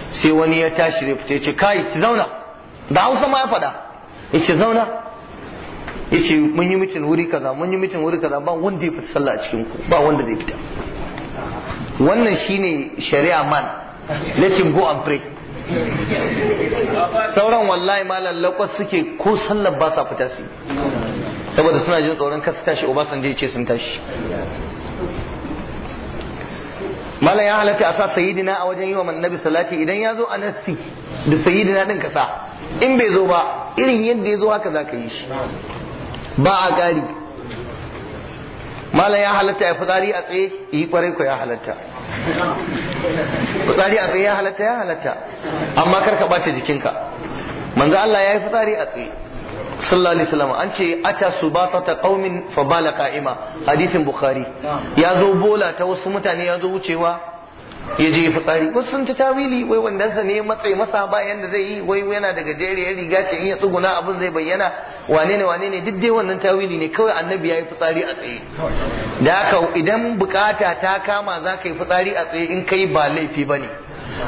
sai wani ya tashi ya fita ya ce kai ki zauna da Hausa ma ya faɗa ya ce zauna yace mun yi mitin wuri kaza mun yi mitin wuri kaza ba wanda ya fita sallah a cikin ku ba wanda zai fita wannan shine shari'a man let him go and pray sauran wallahi malam lakwas suke ko sallar ba sa fita su saboda suna jin tsoron kasu tashi obasanjo ce sun tashi malam ya halatta a sa sayidina a wajen yi wa annabi salati idan ya zo a nassi da sayidina din kasa in bai zo ba irin yadda ya zo haka za ka yi shi ba a gari malam ya halatta ya fitsari a tsaye yi eh, kwarai ko ya halatta fitsari a tsaye ya halatta ya halatta amma kar ka ɓata jikinka manzo Allah ya yi fitsari a tsaye sallallahu alaihi wasallam an ce ata ta qaumin fa bala qa'ima hadisin bukhari ya zo bola ta wasu mutane ya zo wucewa ya je fitsari wasu sun ta tawili wai wandansa ne matsayi masa ba yanda zai yi wai yana da ya riga ce in ya tsuguna abin zai bayyana wane ne wane ne duk dai wannan tawili ne kawai annabi ya yi fitsari a tsaye da haka idan bukata ta kama zaka yi fitsari a tsaye in kai ba laifi ba ne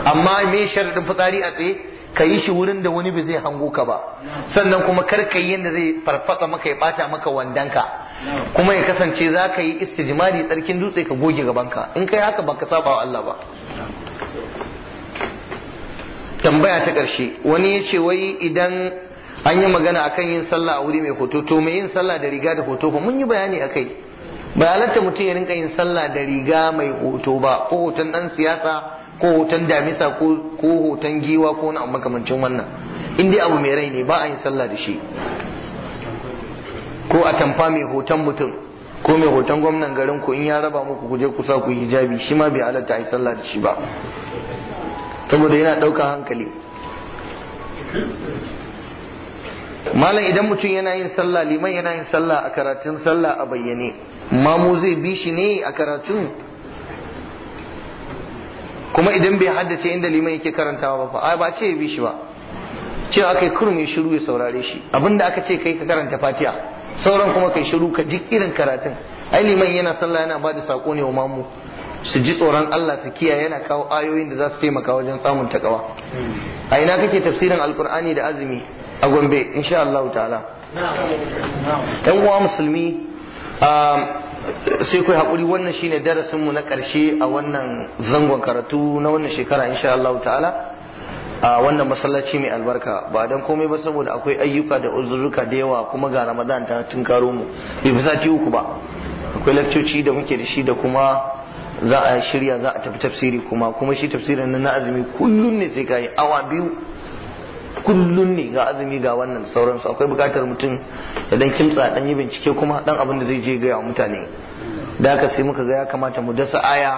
amma me sharadin fitsari a tsaye ka yi shi wurin da wani ba zai hango ka ba sannan kuma kar ka yi yadda zai farfasa maka ya bata maka wandanka kuma ya kasance za ka yi istijmari tsarkin dutse ka goge gabanka in kai haka baka saba wa Allah ba tambaya ta karshe wani ya ce wai idan an yi magana akan yin sallah a wuri mai hoto to mai yin sallah da riga da hoto ba mun yi bayani akai Ba halatta mutum ya rinka yin sallah da riga mai hoto ba ko hoton dan siyasa ko hoton damisa ko hoton giwa ko wani makamancin wannan in dai abu mai rai ne ba a yin sallah da shi ko a tamfa mai hoton mutum ko mai hoton gwamnan garin ku in ya raba muku ku je ku sa ku hijabi shi ma bai halatta a yi sallah da shi ba saboda yana ɗaukar hankali malam idan mutum yana yin sallah liman yana yin sallah a karatun sallah a bayyane mamu zai bi shi ne a karatun kuma idan bai haddace inda liman yake karantawa ba fa ba ce ya bi shi ba ce aka yi kurum ya shiru ya saurare shi abinda aka ce kai ka karanta fatiha sauran kuma kai shiru ka ji irin karatun ai liman yana sallah yana ba da sako ne wa mamu su ji tsoron Allah su kiyaye yana kawo ayoyin da za su taimaka wajen samun takawa a ina kake tafsirin alkur'ani da azumi a gombe insha Allah ta'ala dan uwa musulmi um, sai kai haƙuri wannan shine darasinmu na ƙarshe a wannan zangon karatu na wannan shekara insha Allah ta'ala a wannan masallaci mai albarka ba dan komai ba saboda akwai ayyuka da uzurruka da yawa kuma ga Ramadan ta tunkaro mu bai fi sati uku ba akwai lakcoci da muke da shi da kuma za a shirya za a tafi tafsiri kuma kuma shi tafsirin na azumi kullum ne sai kai awa biyu kullun ne ga azumi ga wannan sauransu akwai bukatar mutum da dan kimtsa dan yi bincike kuma dan abin da zai je ga mutane da haka sai muka ga ya kamata mu dasa aya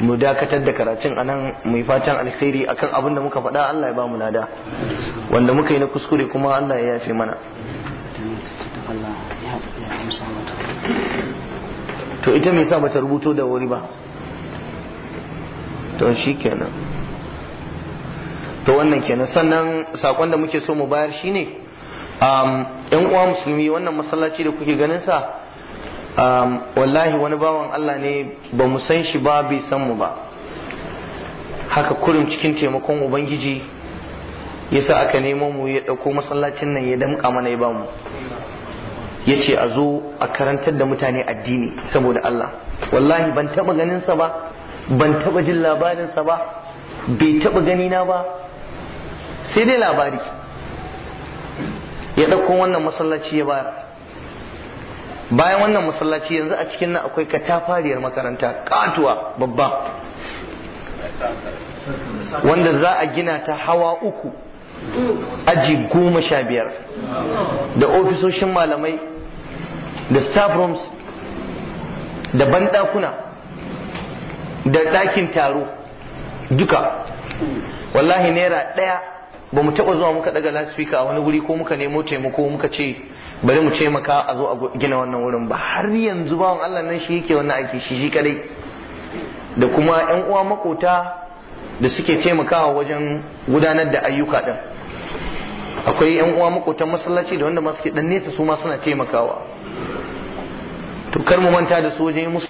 mu dakatar da karatun anan mu yi fatan alkhairi akan abin da muka faɗa Allah ya ba mu lada wanda muka yi na kuskure kuma Allah ya yafe mana to ita me sa bata rubuto da wuri ba to shikenan to wannan kenan sannan sakon da muke so mu bayar shine um, yan uwa musulmi wannan masallaci da kuke ganin sa um, wallahi wani bawan Allah ne ba mu san shi ba bai san mu ba haka kurum cikin taimakon ubangiji yasa aka nemo mu ya ɗauko masallacin nan ya damƙa mana ya ba mu ya ce a zo a karantar da mutane addini saboda Allah wallahi ban taɓa ganinsa ba ban taba jin labarinsa ba bai taɓa ganina ba sai dai labari ya ɗauko wannan masallaci ya bayar bayan wannan masallaci yanzu a cikin nan akwai katafariyar makaranta katuwa babba wanda za a gina ta hawa uku aji goma sha biyar da ofisoshin malamai da staff rooms da banɗakuna da ɗakin taro duka wallahi naira ɗaya ba mu taɓa zuwa muka daga lasfika a wani guri ko muka nemo taimako muka ce bari mu taimaka a zo a gina wannan wurin ba har yanzu wani Allah nan shi yake wannan aiki shi shi kadai da kuma ƴan uwa makota da suke taimakawa wajen gudanar da ayyuka din akwai ƴan uwa makotan masallaci da wanda masu ke dan nesa su ma suna taimakawa to kar mu manta da su wajen musu